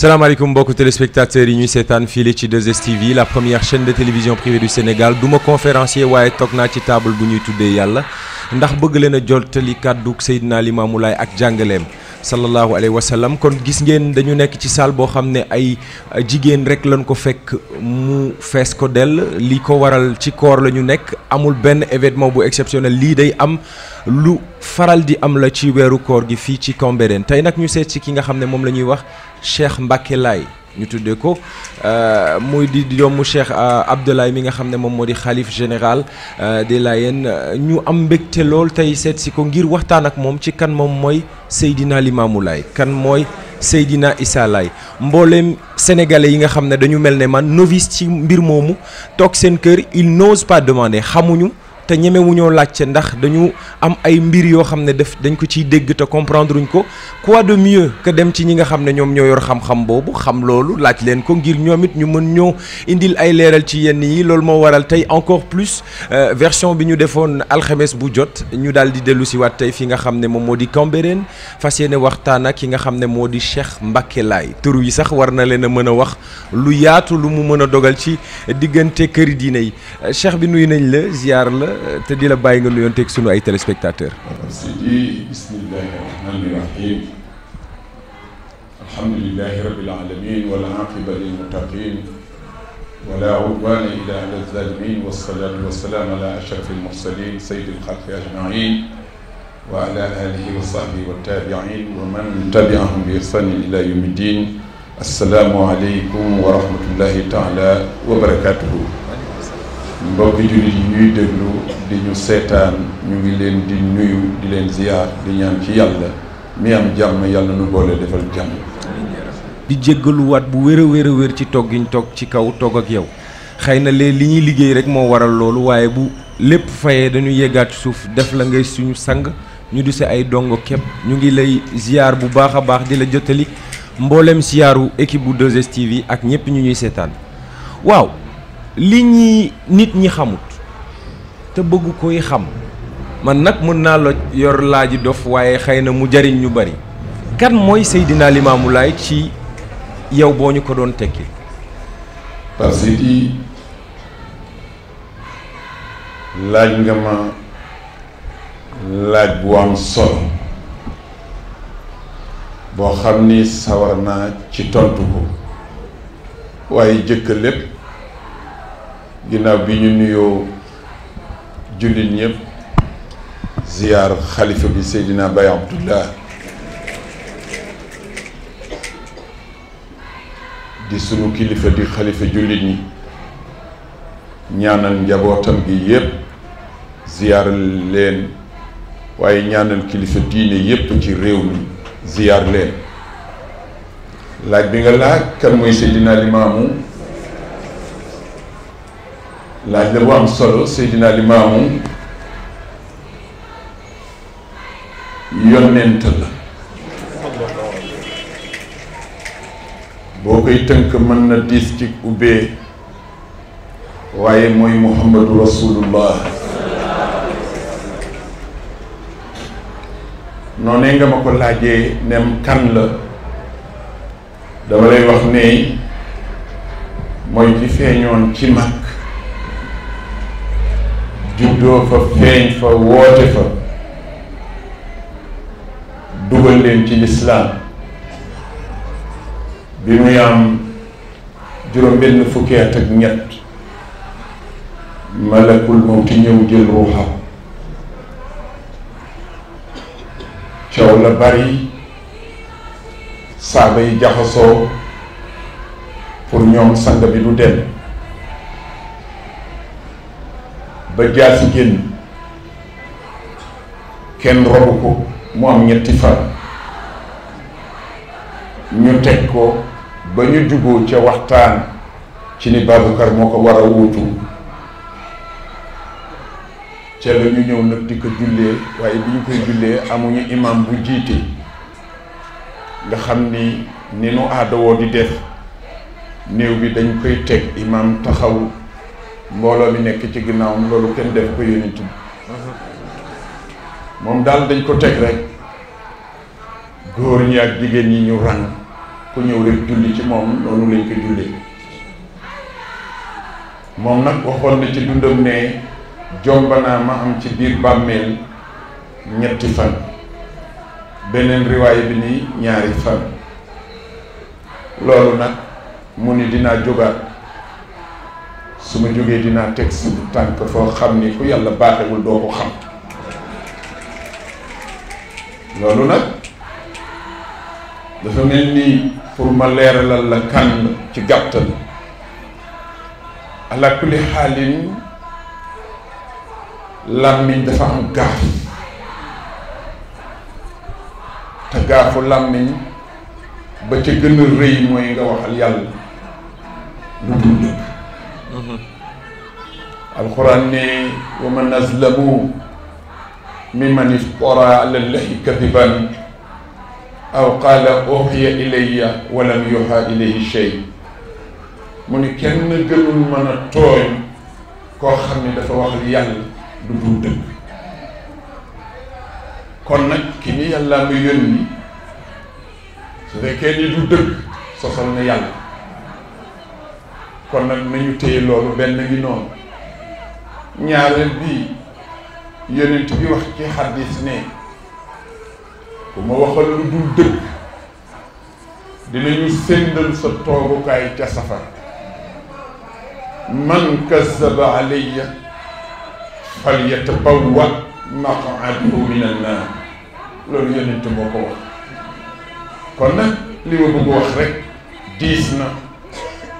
salaamaaleykum mbokk téléspectateurs yi ñuy seetaan fii ci 2STV la première chaîne de télévision privée du Sénégal duma ma conférencier waaye toog naa ci table bu ñuy tuddee yàlla ndax bëgg leen a jottali kàddu Seydina Limaamu Laay ak jàngaleem sallallahu alayhi wa sallam kon gis ngeen dañu nekk ci salle boo xam ne ay jigéen rek lañ ko fekk mu fees ko dell li ko waral ci koor la ñu nekk amul benn événement bu exceptionnel lii day am lu faral di am la ci weeru koor gi fii ci Cambérène tey nag ñu seet ci ki nga xam ne moom la ñuy wax. Cheikh Mbacke Laye ñu tuddee ko euh, muy di doomu Cheikh euh, Abdoulaye mi nga xam ne moom moo di xalif général euh, des Layènes ñu am mbégte lool tey seet si ko ngir waxtaan ak moom ci kan moom mooy Seydina Limamou Laye kan mooy Seydina Issa Laye mbooleem sénégalais yi nga xam ne dañu mel ne man novice ci mbir moomu toog seen kër ils n'osent pas demander xamuñu. te ñemewuñoo laajte ndax dañu am ay mbir yoo xam ne def dañ ko ciy dégg te comprendre uñ ko quoi de mieux que dem ci ñi nga xam ne ñoom ñoo yor xam-xam boobu xam loolu laaj leen ko ngir ñoom it ñu mën ñoo indil ay leeral ci yenn yi loolu moo waral tey encore plus euh, version bi ñu defoon alxemes bu jot ñu daal di dellu si tey fi nga xam ne moom moo di Cambérène fas yéene waxtaan ak ki nga xam ne moo di Cheikh Mbacké Laye turu yi sax war na leen a mën a wax lu yaatu lu mu mën a dogal ci diggante këri diine yi Cheikh bi nuyu nañ la ziar la te di la bàyyi nga nuyoon teg sunu ay téléspectateurs. si di bismillahi rahmani rahim alhamdulilahi rabbil alamin wal aqibati lil muttaqin wala udwana illa ala zalimin wassalatu wassalamu ala ashrafil mursalin sayyidil xalqi ajmain wa ala alihi wa sahbihi wa tabiin wa man tabiahum bi ihsanin ila yawmi ddin assalaamu aleykum wa rahmatullahi taala wa barakatuhu mbokki jullit yi ñuy déglu di ñu seetaan ñu ngi leen di nuyu di leen ziyaar di ñaan ci yàlla mi am jàmm yàlla nu boole defal jàmm di jéggaluwaat bu wér a wér ci toog gi ñu toog ci kaw toog ak yow xëy na lee li ñuy liggéey rek moo waral loolu waaye bu lépp fayee dañu yeggaat suuf def la nga suñu sang ñu du si ay dongo képp ñu ngi lay ziyaar bu baax a baax di la jottali mboolem siyaaru équipe bu 2STV ak ñëpp ñu ñuy seetaan waaw li ñi nit ñi xamut te bëgg koy xam man nag mën naa la yor laaji dof waaye xëy na mu jariñ ñu bari kan mooy Seydina Limaamu Laay ci yow boo ñu ko doon tekki Pape Seydi laaj nga ma laaj bu am solo boo xam ni sawar naa ci tontu ko waaye jëkk lépp ginnaaw bi ñu nuyoo jullit ñëpp ziyaar xalifa bi Seydina Baye Abdullah di sunu kilifa di xalifa jullit ñi ñaanal njabootam gi yëpp ziyaar leen waaye ñaanal kilifa diine yëpp ci réew mi ziyaar leen laaj bi nga laaj kan mooy Seydina Limaamu laaj la bu am solo Seydina Limaamu yonent la boo koy tënk mën na diis ci ubbee waaye mooy Muhammadu Rasulullah noonee nga ma ko laajee nem kan la dama lay wax ne mooy ci feeñoon ci mag juddoo fa feeñ fa woote fa dugal leen ci lislaam bi muy am juróom benn fukki ak ñett malakul mawti ñëw jël ruuxam coow la bari saaba yi jaxasoo pour ñoom sang bi du dem ba jaasi génn kenn robu ko mu am ñetti fan ñu teg ko ba ñu juboo ca waxtaan ci ni Babacar moo ko war a wuutu ca la ñëw nag di ko jullee waaye bi ñu koy jullee amuñu imam bu jiite nga xam ni ni nu aada woo di def néew bi dañ koy teg imam taxaw mbooloo mi nekk ci ginnaawam loolu kenn def ko yonent bi moom daal dañ ko teg rek góor ñi ak jigéen ñi ñu ràng ku ñëw rek julli ci moom noonu lañ ko jullee moom nag waxoon na ci dundam ne jombanaa ma am ci biir bàmmeel ñetti fan beneen riwaay bi ni ñaari fan loolu nag mu ni dinaa jógaat su ma jógee dinaa teg si tànk foo xam ni ku yàlla baaxewul doo ko xam loolu nag dafa mel ni pour ma leeralal la kan ci gàttal ala kulli xaalin làmmiñ dafa am gaaf te gaafu làmmiñ ba ca gën a rëy mooy nga waxal yàlla lu dul dëgg Mm-hmm. alquran ne wa man azlamu mimman iftara ala llahi kadiban aw qaala uhiya ilayya wa lam yuha ilayhi shay mu ni kenn gënul mën a tooñ koo xam ne dafa wax yàlla du dul dëgg kon nag ki ni yàlla mu yónni su fekkee ni du dëgg sosal na yàlla kon nag nañu téye loolu benn ngi noonu ñaareel bii yonent bi wax ci xadis ne ku ma waxal lu dul dëgg dinañu séndal sa toogukaay ca safar man kazaba alayya fal yatabawwa maqaadahu min annaar loolu yonent moo ko wax kon nag li ma bëgg wax rek diis na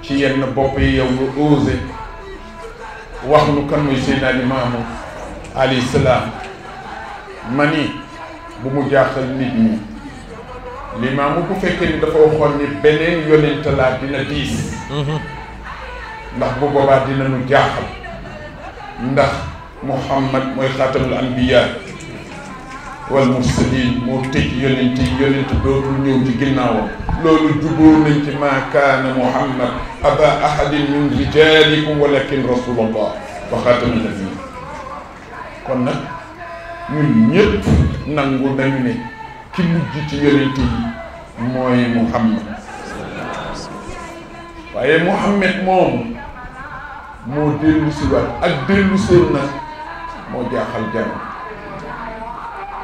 ci yenn bopp yi yow nga osé wax nu kan muy Seydina Limaamu alayhi salaam ma ni bu mu jaaxal nit ñi limaamu bu fekkee ni dafa waxoon ni beneen yonent laa dina diis mhm. ndax bu boobaa dina nu jaaxal ndax Muhammad mooy xaatamul anbiyaa wal mursalin moo tëj yonent yi yonent dootul ñëw ci ginnaawam loolu juboo nañ ci maa kaana muhammad aba ahadin min rijalikum walakin rasulallah wa xaatama nabiyin kon nag ñun ñëpp nangu nañu ne ki mujj ci yonent yi mooy muhammad waaye muhammad moom moo dellu si waat ak dellu seen na moo jaaxal jàmm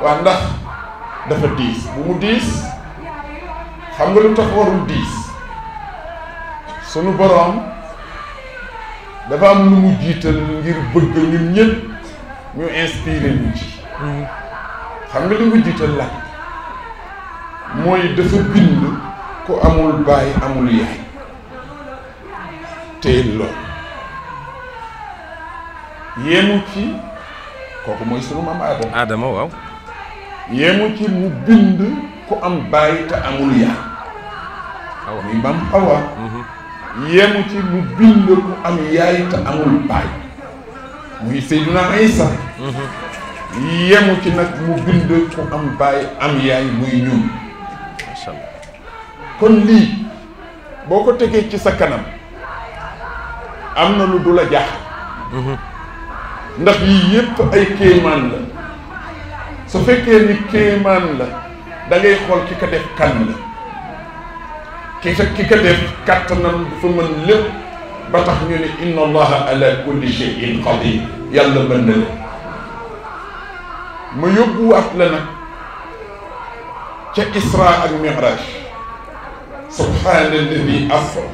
waaw ndax dafa diis bu mu diis xam nga lu tax warul diis sunu boroom dafa am lu mu jiital ngir bëgg ñun ñëpp ñu inspiré ñu ci xam nga li mu jiital la mooy dafa bind ku amul baay amul yaay téel lool yéemu ci kooku mooy sunu maam Adama Adama waaw yemu ci mu bind ku am baay te amul yaay awa muy maam mhm. yemu ci mu bind ku am yaay te amul baay muy Seydina Isa mhm. yemu ci nag mu bind ku am baay am yaay muy ñun kon lii boo ko tegee ci sa kanam am na lu dul a jaaxal mhm. ndax yii yépp ay kéemaan la su fekkee ni kéemaan la da ngay xool ki ko def kan la ki sa ki ko def kattanam dafa mën lépp ba tax ñu ne inna allaha ala kulli shay'in qadir yàlla mën na la ma yóbbuwaat la nag ca isra ak miraj subhaana alladi asra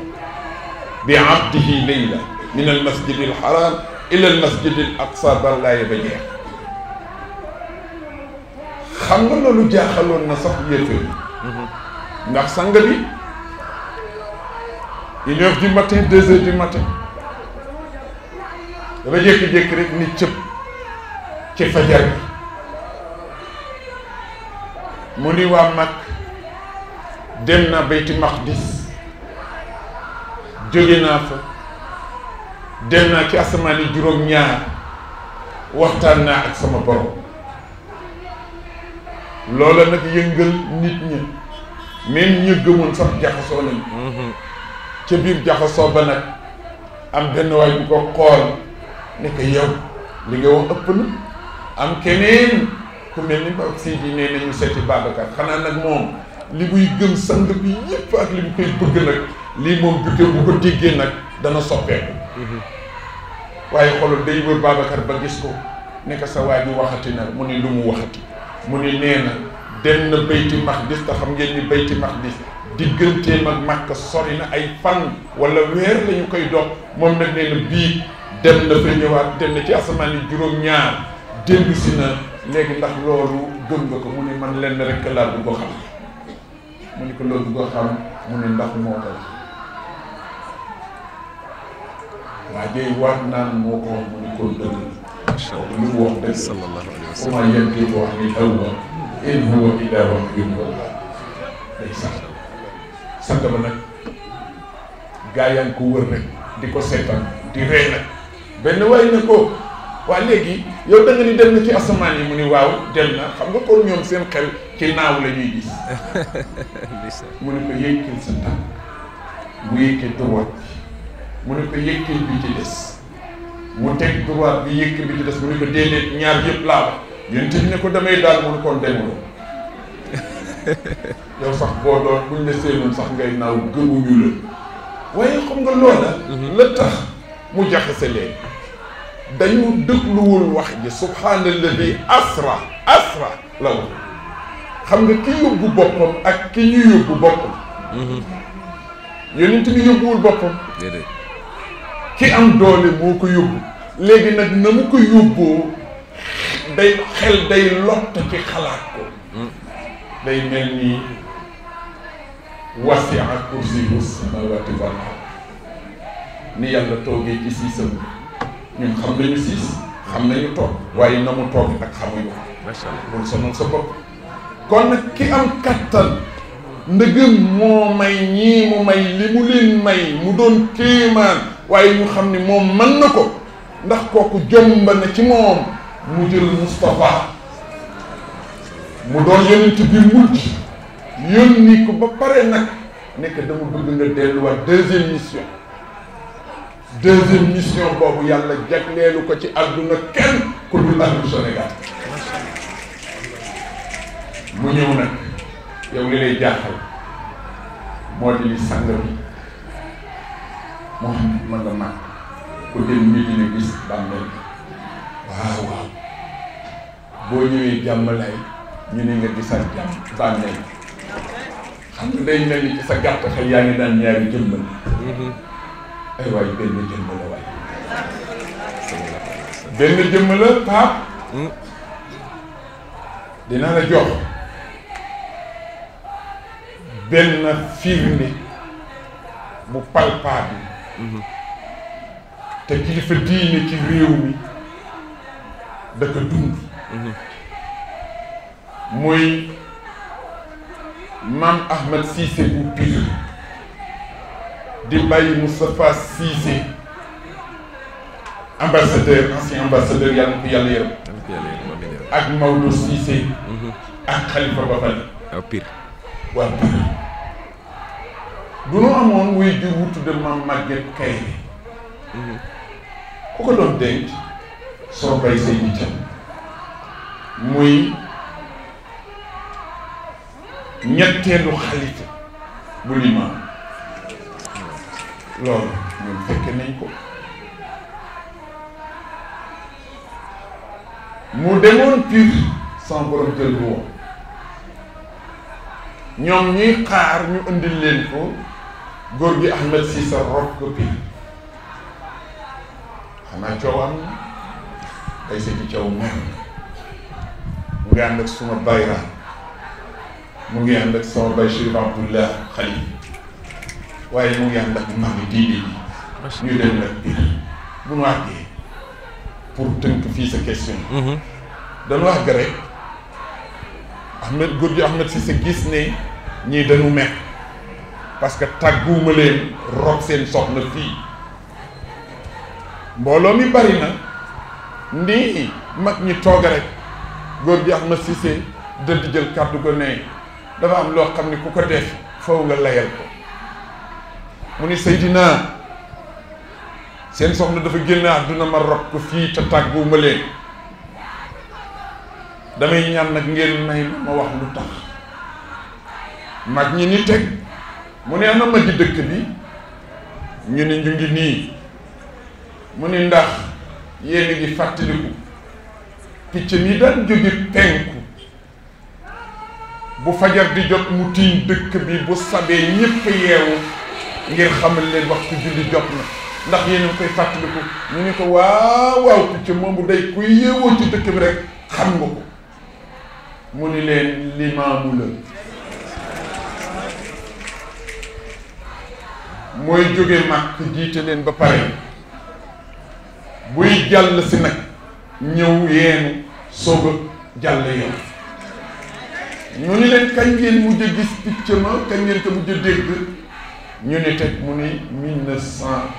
bi abdihi layla min almasjid alxaram ila almasjid al aqsa ban laa yaba jeex xam nga loolu jaaxaloon na sax yéeféer yi ndax sang bi une heure du deux heures du matin dafa jékki-jékki rek ni cëpp ci fajar bi mu ni waa mag dem na Beyti Maqdis jóge naa fa dem naa ci asamaani juróom-ñaar waxtaan naa ak sama borom loola nag yëngal nit ñi même ñu gëmoon sax jaxasoo nañ mhm. ca biir jaxasoo ba nag am benn waay bu ko xool ne ko yow li nga wax ëpp na am keneen ku mel ni Babou Sidi nee nañu seeti Babacar xanaa nag moom li buy gëm sang bi yëpp ak li mu koy bëgg nag lii moom buté bu ko déggee nag dana soppeeku mhm. waaye xoolal day wër Babacar ba gis ko ne sa waa ji waxati nag mu ne lu mu waxati mu ni nee na dem na bayti maqdis te xam ngeen ni bayti maqdis digganteem ak Makka sori na ay fan walla weer lañu koy dox moom nag nee na bii dem na fa ñëwaat dem na ci asamaan yi juróom-ñaar dellu si na ko mu ne man lenn rek laa bëgg a xam mu ko loolu bëgg a xam mu ne ndax moo ko wax waa jëy waat naan moo ko mu ne ko dëgg lu mu dëgg وما ينطق عن gaa yaa ngi ko wër rek di ko seetaan di ree nag benn waay na ko waa léegi yow da ni dem na ci asamaan yi mu ni waaw dem na xam nga kon ñoom seen xel ci naaw la ñuy mu ne ko yëkkal sa mu yëkkal droite mu ne ko yëkkal bi ci mu ne ko déedéet ñaar yëpp laa wax yéen bi ne ko damay daal mun kon demul yow sax boo doon buñ la séenoon sax ngay naaw gëmuñu la waaye xam nga loola mhm. la tax mu jaxase leen dañu dégluwul wax ji subhaanalladi asra asra la wax xam nga ki yóbbu boppam ak ki ñu yóbbu boppam mhm. yonent bi yóbbuwul boppam ki am doole moo ko yóbbu léegi nag na mu ko yóbboo day xel day lott ci xalaat ko day mel ni wasia kursiyu samawati wal ard ni yàlla toogee ci siisam ñun xam nañu siis xam nañu toog waaye na mu toog ak xamuñu ko loolu sonal sa bopp kon nag ki am kattan ndëgëm moo may ñii mu may li mu leen may mu doon kéemaan waaye ñu xam ni moom mën na ko ndax kooku jomba na ci moom mu jël Moustapha mu doon yonent bi mujj yónni ko ba pare nag nekk dama bëgg nga delluwaat deuxième mission deuxième mission boobu yàlla jagleelu ko ci àdduna kenn ku dul ahlu Sénégal mu ñëw nag yow li lay jaaxal moo di li sang bi moo xam ne ma nga màgg ku dem Medina gis bàmmeel boo ñëwee jàmm lay ñu ne nga gisal jàmm bànneel xam nga day mel ni ci sa gàtt xel yaa ngi daan ñaari jëmbal ay waay benn jëmm la waay benn jëmm la paap dina la jox benn firnde bu palpable te kilifa diine ci réew mi da ko dund muy maam Ahmed Cissé bu Pire di bàyyi Moustapha Cissé ambassadeur ancien ambassadeur yàlla na ko yàlla yërëm ak Maodo Cissé mhm. ak Khalifa Bafali waaw Pire waaw Pire du nu amoon wuy di wutu de maam Maguette Kaye mhm. ku ko doon denc soo bay say itam muy ñetteelu xalifa bu limaam loolu ñun fekke nañ ko mu demoon piir sans borom jël bu ñoom ñuy xaar ñu indi leen ko góor gi Ahmed Cissé rob ko piir xanaa coow am day seeti coow moom mu ngi ànd ak suma bayra mu ngi ànd ak sama bay Chérif Abdullah Xalil waaye mu ngi ànd ak mag yi diine yi ñu dem nag bu ñu àggee pour tënk fii sa question mhm. dañu àgg rek Ahmed Gurdiou Ahmed Cissé gis ne ñii dañu mett parce que tàgguwuma leen rob seen soxna fii mbooloo mi bari na nii mag ñi toog rek góor gi Ahmed Cissé dëdd jël kàddu ko ne dafa am loo xam ne ku ko def fow nga layal ko mu ni Seydina seen soxna dafa génn àdduna ma rob ko fii te ma leen damay ñaan nag ngeen may ma wax lu tax mag ñi ni teg mu ne ana magi dëkk bi ñu ni ñu ngi nii mu ni ndax yéen a fàttaliku picc mi daan jóge penku bu fajar di jot mu tiiñ dëkk bi bu sabee ñëpp yeewu ngir xamal leen waxtu julli jot na ndax yéen a ngi koy fàttaliku ñu ni ko waaw waaw picc moomu day ku yeewoo ci dëkk bi rek xam nga ko mu ni leen limaamu la mooy jóge màkk jiite leen ba pare buy jàll si nag ñëw yeenu soog a jàll yoon ñu ni leen kañ ngeen mujj gis picc ma kañ ngeen ko mujj dégg ñu ni teg mu ni mille cent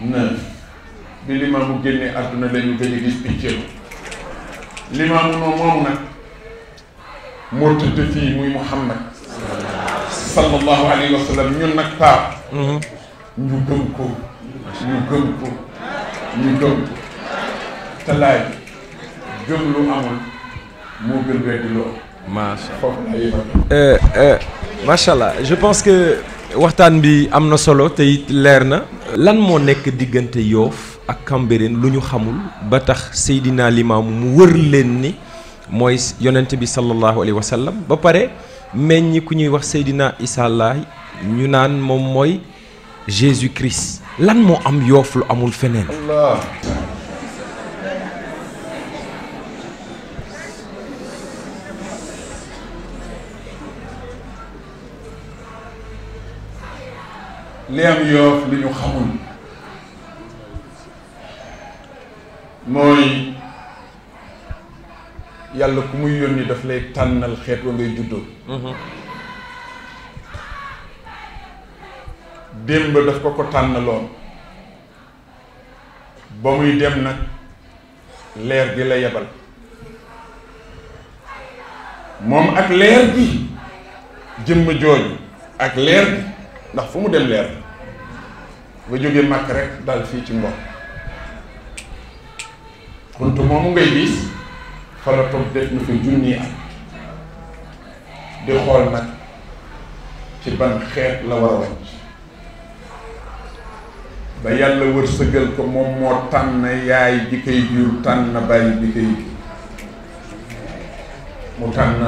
neuf bi limaamu génnee àdduna la ñu gëj picc ma limaamu noonu moom nag moo tëdd fii muy Muhammad sallallahu alayhi wa sallam ñun nag taar mhm. ñu gëm ko ñu gëm ko ñu gëm ko te laaj gëm eh, eh, allah je pense que waxtaan bi am na solo tey leer na. lan moo nekk diggante Yoof ak Cambérène lu ñu xamul ba tax Seydina Limaamu mu wër leen ni mooy yonent bi sallallahu alayhi wa ba pare meññi ku ñuy wax seydinaa Issa ñu naan moom mooy Jésus Christ lan moo am Yoof lu amul feneen. li am yoof li ñu xamul mooy yàlla ku muy yónni daf lay tànnal xeet wa ngay juddoo mm-hmm. démb daf ko ko tànnaloon ba muy dem nag leer gi la yebal moom ak leer gi jëmm jooju ak leer gi ndax fu mu dem leer nga jógee màkk rek dal fii ci Mbor xuntu moomu ngay gis fa def na fi junni at di xool nag ci ban xeet la war a wàcc ba yàlla wërsëgal ko moom moo tànn yaay ji koy jur tànn bàyyi bi koy mu tànn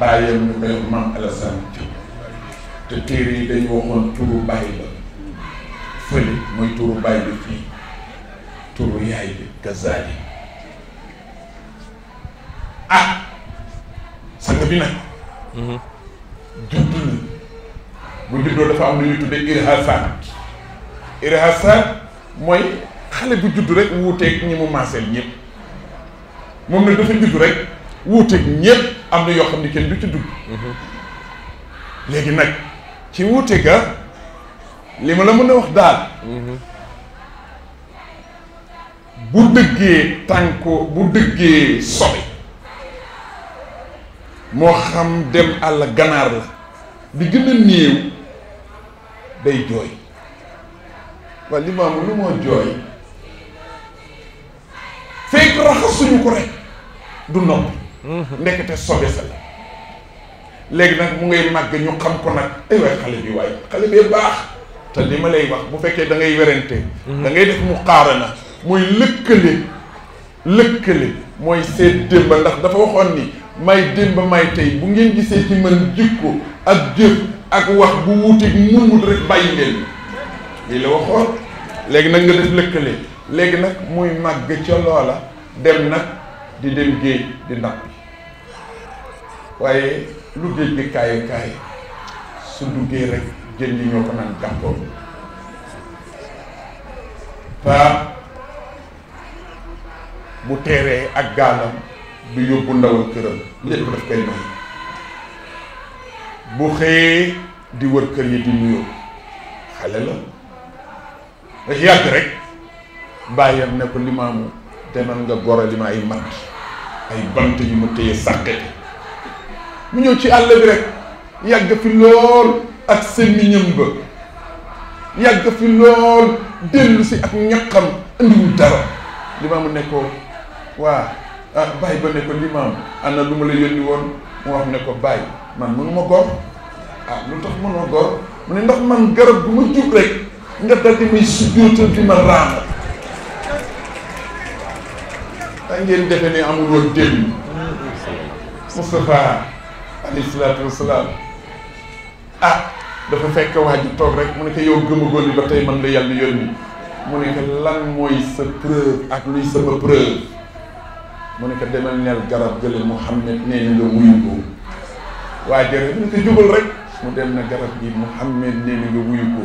bàyyam ñu koy maam Alassane te téere yi dañu waxoon turu bàyyi ba fële mooy turu bàyyi bi fii turu yaay bi kazaali ah sang bi nag mm-hmm. judd na bu juddoo dafa am lu ñuy tuddee irhasaat irhasaat mooy xale bu judd rek wuuteeg ñi mu maaseel ñëpp moom nag dafa judd rek wuuteeg ñëpp am na yoo xam ne kenn du ci dugg mm-hmm. léegi nag ci wuute ga li ma la mën a wax daal mhm. bu dëggee tànkoo bu dëggee sobe moo xam dem àll ganaar la bi gën a néew day jooy waaye li maamu lu moo jooy fekk raxasuñu ko rek du noppi mhm. ndekete sobe sa la léegi nag mu ngay màgg ñu xam ko nag ay waay xale bi waay xale bi baax te li ma lay wax bu fekkee dangay ngay werante mhm. da ngay def mu xaarana mooy lëkkale lëkkale mooy seet démba ndax dafa waxoon ni may démba may tey bu ngeen gisee ci man jikko ak jëf ak wax bu wuuteeg mumul rek bàyyi leen lii la waxoon léegi nag nga def lëkkale léegi nag mooy màgg ca loola dem nag di dem géej di ndàpp waaye lu géej gi kaayu su duggee rek jën ñoo ko naan gàppoo paa bu ak gaalam du yóbbu ndawal këram lépp daf koy may bu xëyee di wër kër yi di nuyoo xale la dafa yàgg rek bàyyam ne ko limaamu demal nga gorali ma ay matt ay bant yu mu téye sàqete mu ñëw ci àll bi rek yàgg fi lool ak sémmiñam ba yàgg fi lool dellu si ak ñaxam andiwul dara limaamu ne waa ah, bàyyi ba ne ko ana lu ma la yónni woon moo wax ne ko bàyyi man mënuma gor ah lu tax mënuma gor mu ne ndax man garab bu ma jub rek nga dal di muy sujjóotal di ma raama da ngeen defe ne amul woon dellu Moustapha alayhi salaatu wasalaam ah dafa fekk waa ji toog rek mu ne ko yow gëmagoon ni ba tey man la yàlla yónni mu ne ko lan mooy sa preuve ak luy sama preuve mu ne ko demal neel garab gële Muhammad nee na nga wuyu ko waa jërëjëf mu ne ko jubal rek mu dem na garab gi Muhammad nee na nga wuyu ko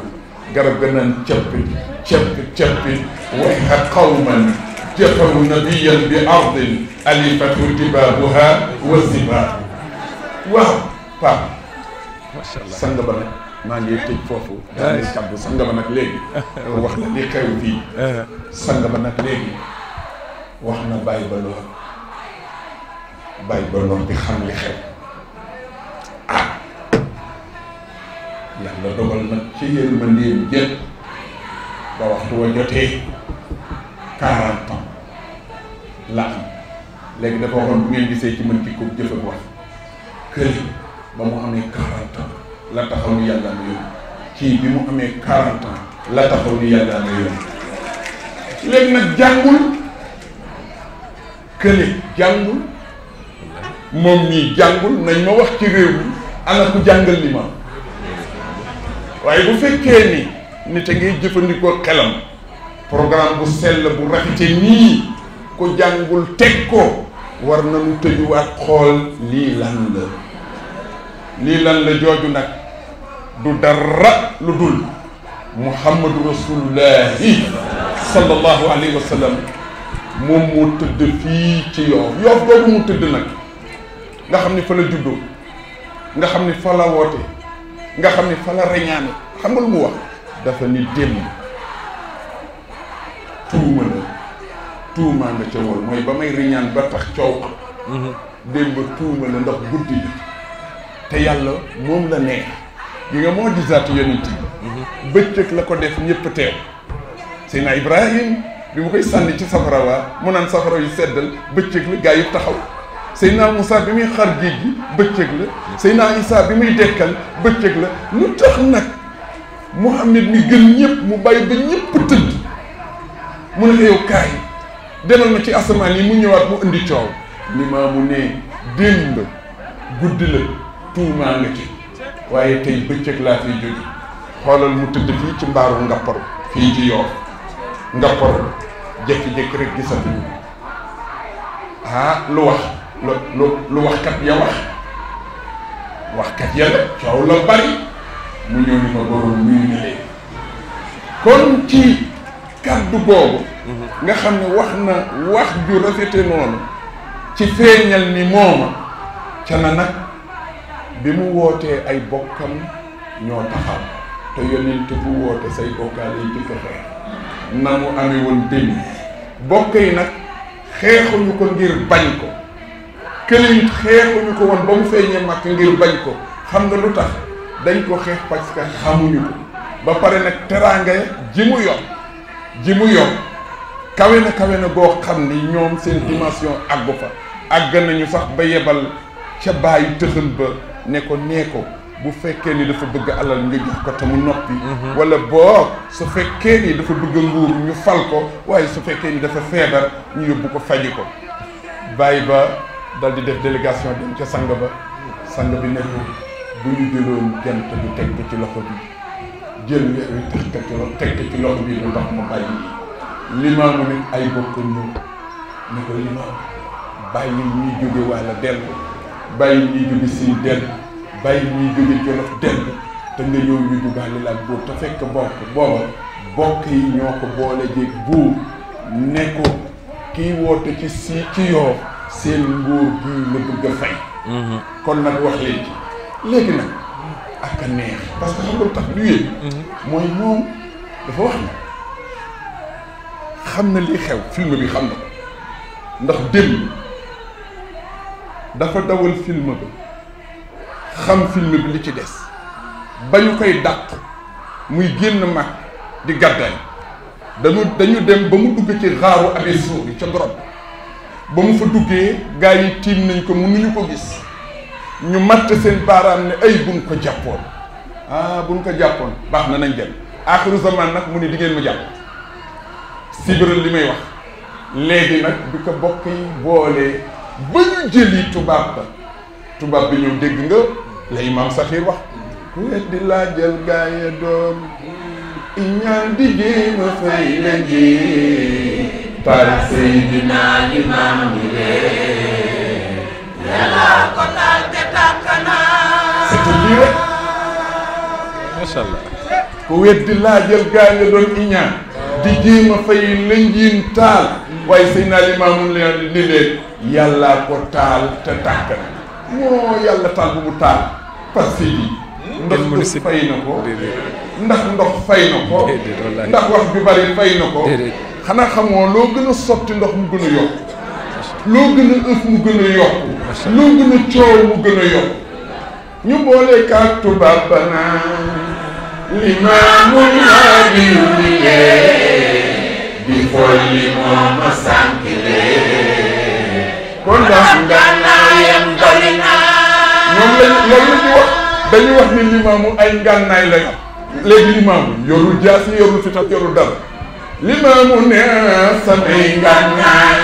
garab ga naan cappi cappi cappi way xa qawman jafaru nabiyan bi ardin alifatu tibaabuha wa ziba waaw Pape. macha ba nag maa ngi tëj foofu. daal di kàddu eh. ba nag léegi. wax na li na bàyyi ba lool bàyyi ba lool di xam li xew ah yàlla dogal nag ci yéen ma ndéem jël ba waxtu wa jotee quarante ans la am léegi dafa waxoon bu ngeen gisee ci mën ci ko jëf wax. kër yi ba mu amee 40 ans la taxaw ni yàlla na yóbbu kii nag jàngul kële jàngul moom mii jàngul nañ ma wax ci réew mi ana jàngal li ma waaye bu fekkee ni nit a ngay jëfandikoo xelam programme bu sell bu rafete nii ko jàngul teg ko war na mu tëjuwaat xool lii lan la lii lan la jooju nag du dara lu dul muhammadu rasulullahi sallallahu alayhi wa sallam moom moo tëdd fii ci yoof yoof boobu mu tëdd nag nga xam ni fa la juddoo nga xam ni fa la woote nga xam ni fa la reñaane xam mu wax dafa ni démb tuuma la tuumaa nga ca woon mooy ba may reñaan ba tax coow mhm. démb tuuma ndax guddi bi te yàlla moom la neex yi nga moo gisaat yonent yi bëccëg la ko def ñëpp teew Seydina Ibrahim bi mu koy sànni ci safara waa mu naan safara yu seddal bëccëg la gaa yi taxaw Seydina Moussa bi muy xar géej gi bëccëg la Seydina Issa bi muy dekkal bëccëg la lu tax nag Mouhamed mi gën ñëpp mu bàyyi ba ñëpp tëdd mu ne ko kaay demal ma ci asamaan yi mu ñëwaat mu indi coow limaamu ne démb guddi la tuumaa nga ci waaye tey bëccëg laa fiy jóge xoolal mu tëdd fii ci mbaaru ngapparu fii ci yoon ngapparu jékki-jékki rek gisatuñu ah lu wax lu lu lu waxkat ya wax waxkat ya la coow la bari mu ñëw ni ma borom nuyu na kon ci kàddu boobu nga xam ne wax na wax ju rafete noonu ci feeñal ni mooma ca na nag bi mu wootee ay bokkam ñoo taxaw te yonent bu woote say bokkaal yi jëkk na mu amee woon demi bokk yi nag xeexuñu ko ngir bañ ko këliyit xeexuñu ko woon ba mu feeñee màkk ngir bañ ko xam nga lu tax dañ ko xeex parce que xamuñu ko ba pare nag teraanga ji mu yor ji mu yor kawe na kawe na boo xam ni ñoom seen dimension àggu fa àgg nañu sax ba yebal ca bàyyi tëxal ba ne ko nee ko bu fekkee ni dafa bëgg alal nga jox ko te mu noppi. Mhm. wala boo su fekkee ni dafa bëgg nguur ñu fal ko waaye su fekkee ni dafa feebar ñu yóbbu ko faji ko bàyyi ba dal di def délégation dem ca sang ba sang bi ne ko bu ñu jëloon jant ko ci loxo bi teg ko ci loxo teg ko bi ndox mu bàyyi limaamu nit ay bokk ñu ne ko limaam bàyyi ñuy jóge walla dellu bàyyi ñuy jóge siin dell bàyyi ñuy jóge jolof dell te nga ñëw ñu jubaale laa buur te fekk bokk booba bokk yi ñoo ko boole jeeg buur ne ko kii woote ci si ci yoo seen nguur gii la bëgg a fay mhm. kon nag wax leen léegi nag ak a neex parce que xam nga tax ñu yéeg mhm. mooy moom dafa wax na xam na lii xew film bi xam na ndax démb dafa dawal film bi xam film bi li ci des ba ñu koy dàq muy génn mag di gàddaay dañu dañu dem ba mu dugg ci xaaru Abi Suur ca dorog ba mu fa duggee gars yi tiim nañ ko mënuñu ko gis ñu matt seen baaraam ne ay buñ ko jàppoon ah buñ ko jàppoon baax na nañ dem aaxiru zaman nag mu ne di ngeen ma jàpp sibiral li may wax léegi nag bi ko bokk yi boolee ba ñu jëli tubaab ba tubaab bi ñëw dégg nga la imaam saxiir wax ku wet di laajal gaaya doom iñaan di jéema fay la taal te tàkk naa Limaam ni leen yàllaa ko taal te tàkk moo yàlla taal bu mu taal parce que yi hmm? ndox du fay na ko ndax ndox fay na ko ndax wax bi bari fay na ko xanaa xamoo loo gën a sotti ndox mu gën a yokk loo gën a ëpp mu gën a yokk loo gën a coow mu gën a yokk ñu boole kaag tubaab banaa limaamu naa liggéey di xool li moom a kon daal gànnaayam bari na ñoom lañ loolu la ñu wax dañuy wax ni limaamu ay ngànnaay la léegi limaamu yorul jaas yi fital yorul dara limaamu ne samay ngànnaay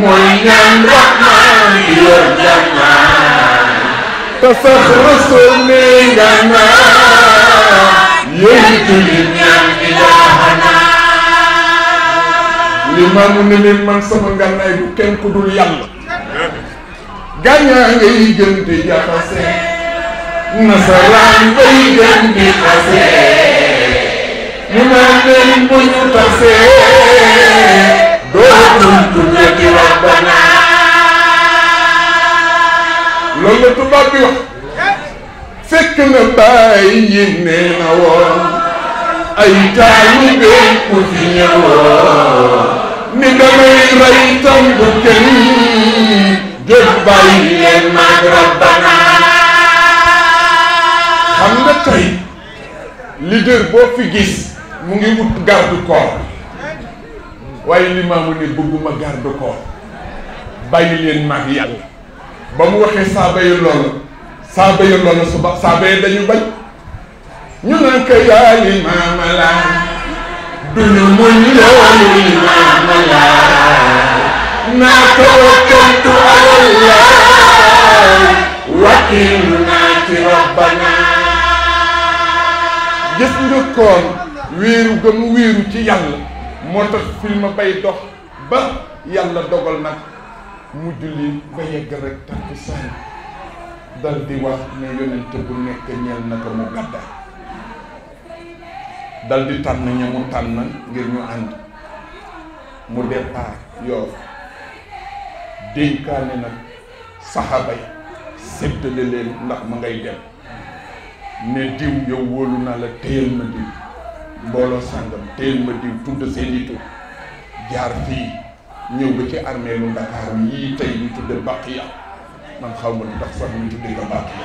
mooy ñaan rahmaan yor ngànnaay te rasul ne ngànnaay yéen jullit ñaan ilaaha limaamu ne leen man sama ngànnaay bu kenn ku dul yàlla gàññaa ngay gën di jaxase nasaraan ngay gën di tase mu naan leen bu ñu tasee dootul tuddati rabbana loolu la tubaab bi wax fekk na bàyyi yi nee na woon ay taalibe ku fi ñëwoon ni damay rey itam bu kenn jóg bàyyi leen maag rabbana xam nga tey leader boo fi gis mu ngi wut garde waaye limaamu ne bëgguma garde bàyyi leen maag yàlla ba mu waxee saaba yi loolu saaba yi loolu suba saaba yi dañu bañ ñu naan ko yaa دنوم لون المعملا ما توكلت على الله وكيل معك ربنا gis nga koon wéeru gëm wéeru ci yàlla moo tax film bay dox ba yàlla dogal na mu julli ba yegg rek takku saan dal wax ne yonent bu nekk ñeel na ko mu gàddaay dal di tànn ña mu tànn ngir ñu ànd mu départ Yoff dénkaane nag saxaaba yi séddale leen ndax ma ngay dem ne diw yow wóolu naa la téyel ma diw mbooloo sàngam téyel ma diw tudd seeni tur jaar fii ñëw ba ci armeelu Ndakaar yii tey ñu tudde Baqiya man xaw ma lu tax sax ñu tudde ko Baqiya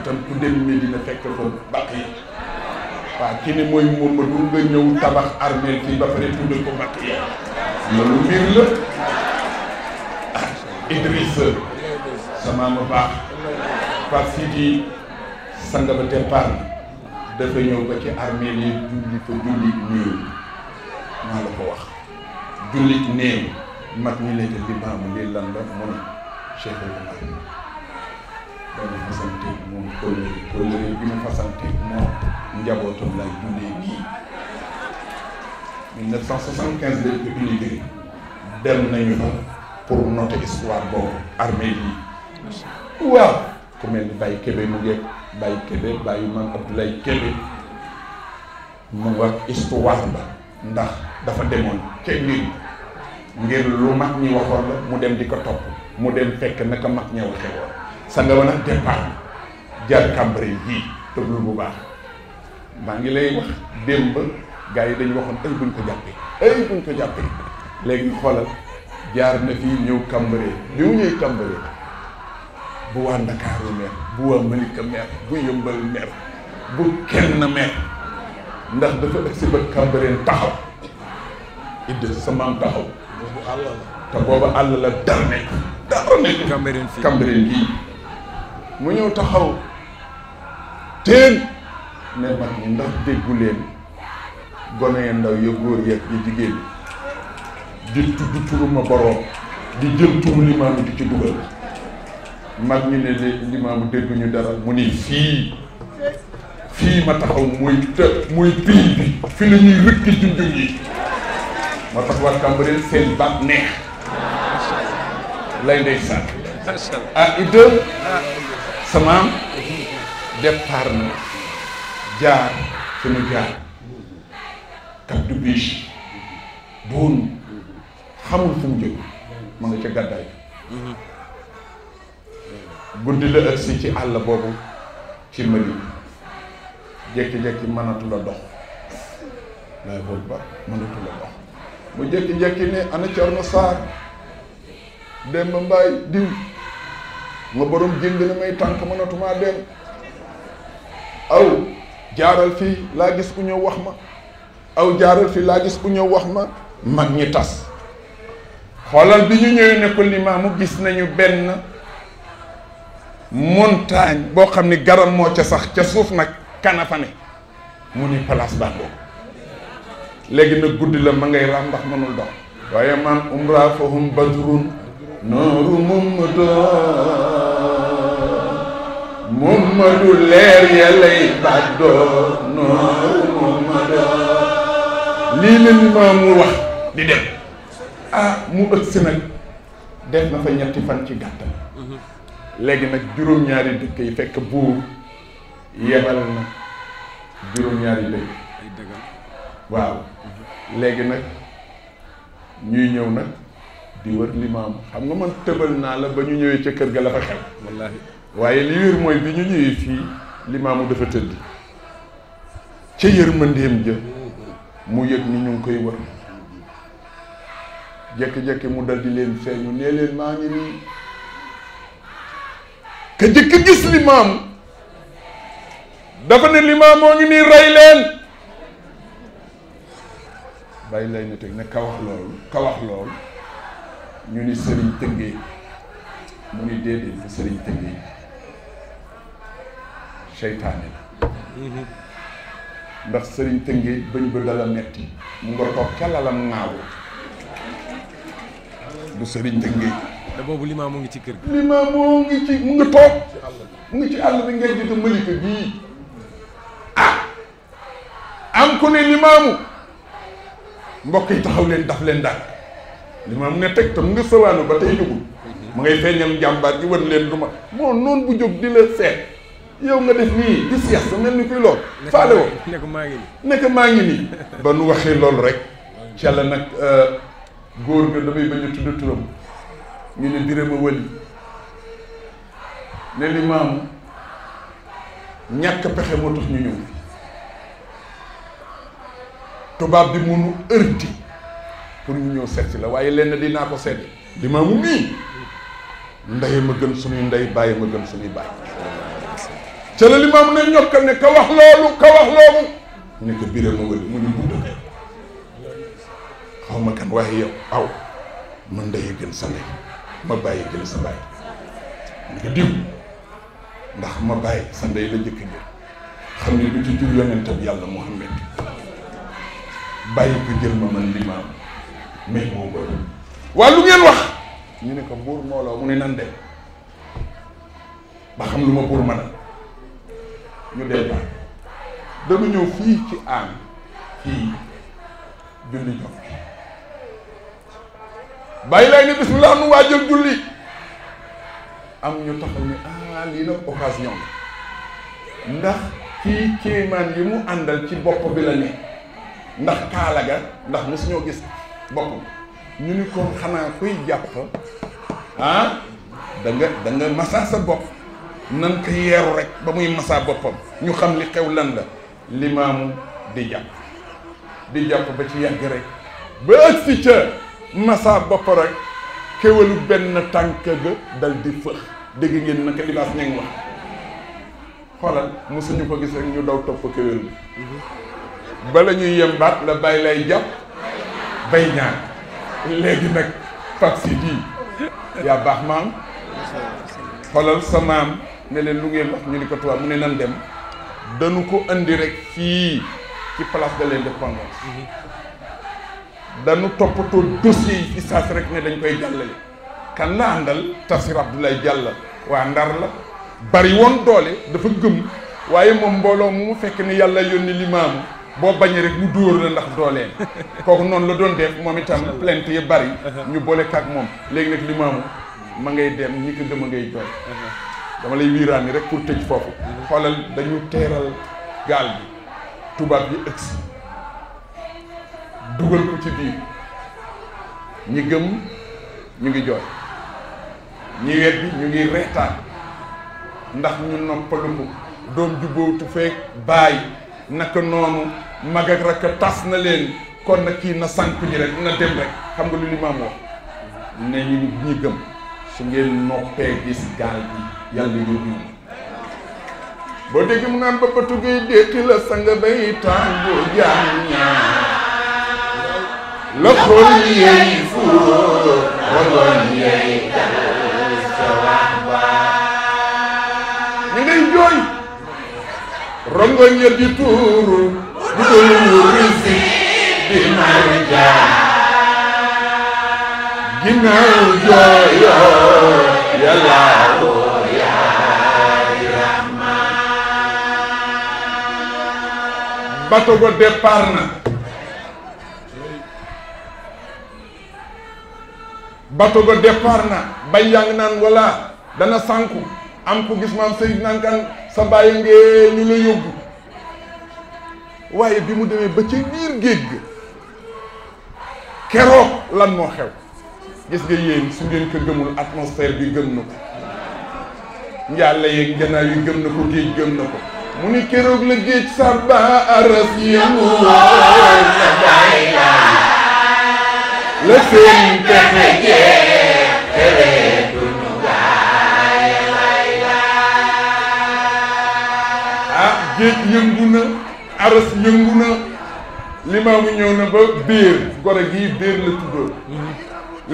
itam ku dem Medina fekk fa bàq yi waaw ki ne mooy Momadou nga ñëw tabax armeel fii ba pare tuddee ko bàq yi loolu mbir la ah Idrissa sama ma baax par sanga ba départ dafa ñëw ba ci armeel yi julli fa jullit néew maa la ko wax jullit néew mag ñi ne te limaamu lii lan la mun Cheikh Ibrahima loolu fasanteeg moom kóllëre kóllëre bi ma fasanteeg moom njabootam lay dundee nii 1975 lañ ko dem nañu fa pour noter histoire boobu armée bi waaw ku mel ni Baye Kébé mu ngeeg Baye Kébé Baye man Abdoulaye Kébé mu wax histoire ba ndax dafa demoon kenn ngir lu mag ñi waxoon la mu dem di ko topp mu dem fekk naka mag ña waxe sa nga mën a départ jaar Cambérène bii tëblul bu baax maa ngi lay wax démb gars yi dañu waxoon ay buñ ko jàppee ay buñ ko jàppee léegi xoolal jaar na fii ñëw Cambérène bi mu ñëw Cambérène bu waa Ndakaaru meer bu waa Malika meer bu yëmbal meer bu kenn meer ndax dafa ëgg si ba Cambérène taxaw idde sa maam taxaw te boobu àll la dara nekk dara nekk Cambérène fii mu ñëw taxaw teen ne mag ñi ndax déggu leen gone ya ndaw ya góor ya ya jigéen di tudd turuma boroom di jël turu limaamu di ci dugal mag ñi ne limaamu dégguñu dara mu ni fii fii ma taxaw muy të muy pii bi fi la ñuy rëkki yi ma tax waa Cambérène seen baat neex lay ndeysaan ah Ido ah. sa maam départ na jaar sunu jaar kab du biche xamul fu mu jóg ma nga ca gàddaay guddi la ëgsi ci àll boobu ci Mali jékki-jékki mënatu la dox lay xool ba mënatu la dox mu jékki-jékki ne ana Cerno Saar Demba Mbaay diw ma borom jënd la may tànk mënatumaa dem aw jaaral fii laa gis ku ñëw wax ma aw jaaral fii laa gis ku ñëw wax ma mag ñi tas xoolal bi ñu ñëwee ne ko limaamu gis nañu benn montagne boo xam ne garab moo ca sax ca suuf nag kana fa ne mu ni place bàngoo léegi nag guddi la ma ngay raam ndax mënul dox waaye maam umra fahum badrun nooru Momadou Momadou leer ya lay bàddoo nooru Momadou lii la Limaamu wax di dem ah mu ëgsi nag def na fa ñetti fan ci gàttal léegi nag juróom-ñaari dëkk yi fekk buur yebal na juróom-ñaari dëkk waaw léegi nag ñuy ñëw nag di wër limaam xam nga man tëbal naa la ba ñu ñëwee ca kër ga la fa xel waaye li wér mooy bi ñu ñëwee fii limaamu dafa tëdd ca yërmandeem ja mu yëg ni ñu ngi koy wër jékki-jékki mu dal di leen feeñu nee leen maa ngi nii ka jëkk gis limaam dafa ne limaam moo ngi nii rey leen bàyyi lay na teg ne ka loolu ka loolu ñu ni sëriñ tëngee mu ni déedéet bu sëriñ tëngee seytaane mhm. ndax sëriñ tëngee bañ ba dala metti mu nga toog ca lalam naawu sëriñ tëngee da boobu limaa moo ngi ci kër gi limaa moo ngi ci mu nga toog mu ngi ci bii ah am ku ne limaamu mbokk yi taxaw leen daf leen dàq limaam nga teg te mu nga sawaanu ba tey dugul mu ngay feeñal jàmbaar ji wan leen lu ma moo noonu bu jóg di la seet yow nga def nii di seet sa mel ni kuy lool faale woo nekk maa ngi nii maa ngi nii ba nu waxee loolu rek ci la nag euh, góor ga damay bañ a tudd ñu ne dirama wëli ne limaam ñàkk pexe moo tax ñu ñëw tubaab bi munu ërti pour ñu ñëw seet si la waaye lenn dinaa ko seet limaamu nii ndey ma gën suñuy ndey bàyyi ma gën suñuy bàyyi ca la limaamu ne ñokkal ne ka wax loolu ka wax loolu ñu mu ñu budd xaw ma kan waaye yow aw ma ndey gën sa ndey ma bàyyi gën sa bàyyi ñu ko diw ndax ma bàyyi sa ndey la jëkk jël xam ne du ci jur yonentam yàlla Muhammad bàyyi ko jël ma man limaam mais moo ngóor waa lu ngeen wax ñu ne ko buur mbooloo mu ne nan dem ba xam lu ma buur mën a ñu dem dañu ñëw fii ci aan fii julli jot bàyyi lay ne bismillah nu waajal julli am ñu taxaw ni ah lii nag occasion ndax kii kéemaan yi mu àndal ci bopp bi la ndax kaala ga ndax mosu ñoo gis boppam ñu ni ko xanaa kuy jàpp ah da nga da sa bopp nan ko yeeru rek ba muy masaa boppam ñu xam li xew lan la limaamu di jàpp di jàpp ba ci yàgg rek ba ëgsi ca masaa bopp rek kéwalu benn tànk ga dal di fëx dégg ngeen naka libaas ña wax xoolal mosuñu ko gis rek ñu daw topp kéwél bi mhm. bala ñuy yembaat la bàyyi lay jàpp bay ñaan léegi nag Pape Sidi yaa baax maam xoolal sa maam ne leen lu ngeen wax ñu ni ko tubaab mu ne nan dem dañu ko andi rek fii ci place de l'indépendance dañu toppatoo dossier yi ci saas rek ne dañ koy jàllale kan la àndal Tafsir Abdoulaye Diallo waa Ndar la bari woon doole dafa gëm waaye moom mbooloo mu mu fekk ni yàlla yónni limaamu boo bañee rek mu dóor la ndax dooleen kooku noonu la doon def moom itam plainte yi bari ñu boole kaak moom léegi nag limaamu ma ngay dem ñi ko dëma ngay jooy dama lay wiiraan ni rek pour tëj foofu xoolal dañu teeral gaal bi tubaab yi ëgsi dugal ko ci biir ñi gëm ñu ngi jooy ñi wet bi ñu ngi reetaan ndax ñu noppalu ko doom ju boobu feek bàyyi naka noonu mag ak rakk tas na leen kon nag kii na sànq ji na dem rek xam nga lu limaam wax ne ñu ñi gëm su ngeen noppee gis gaal bi yàlla yóbbu ma boo dégg mu naan ba batu la sanga bay tàngo jaam ñaar la xool yey fuur waloon yey ñu ngay jooy rongoñ ya di tuuru nítorí wo rísí bí máa ń jà gíná òjò yọ yọlá òyà na bateau ba yaa ngi naan wala dana sànku am ku gis maam Seydina Kane sa bàyyi ngee ñu la waaye bi mu demee ba ca biir géej ga keroog lan moo xew gis nga yéen su ngeen ko gëmul atmosphère bi gëm na ko njàlla yeeg yi gëm na ko géej gën na ko mu ni keroog la géej sàbba aras yemu la seen pexe aras yëngu na limaamu ñëw na ba biir goro gii biir la tuddoo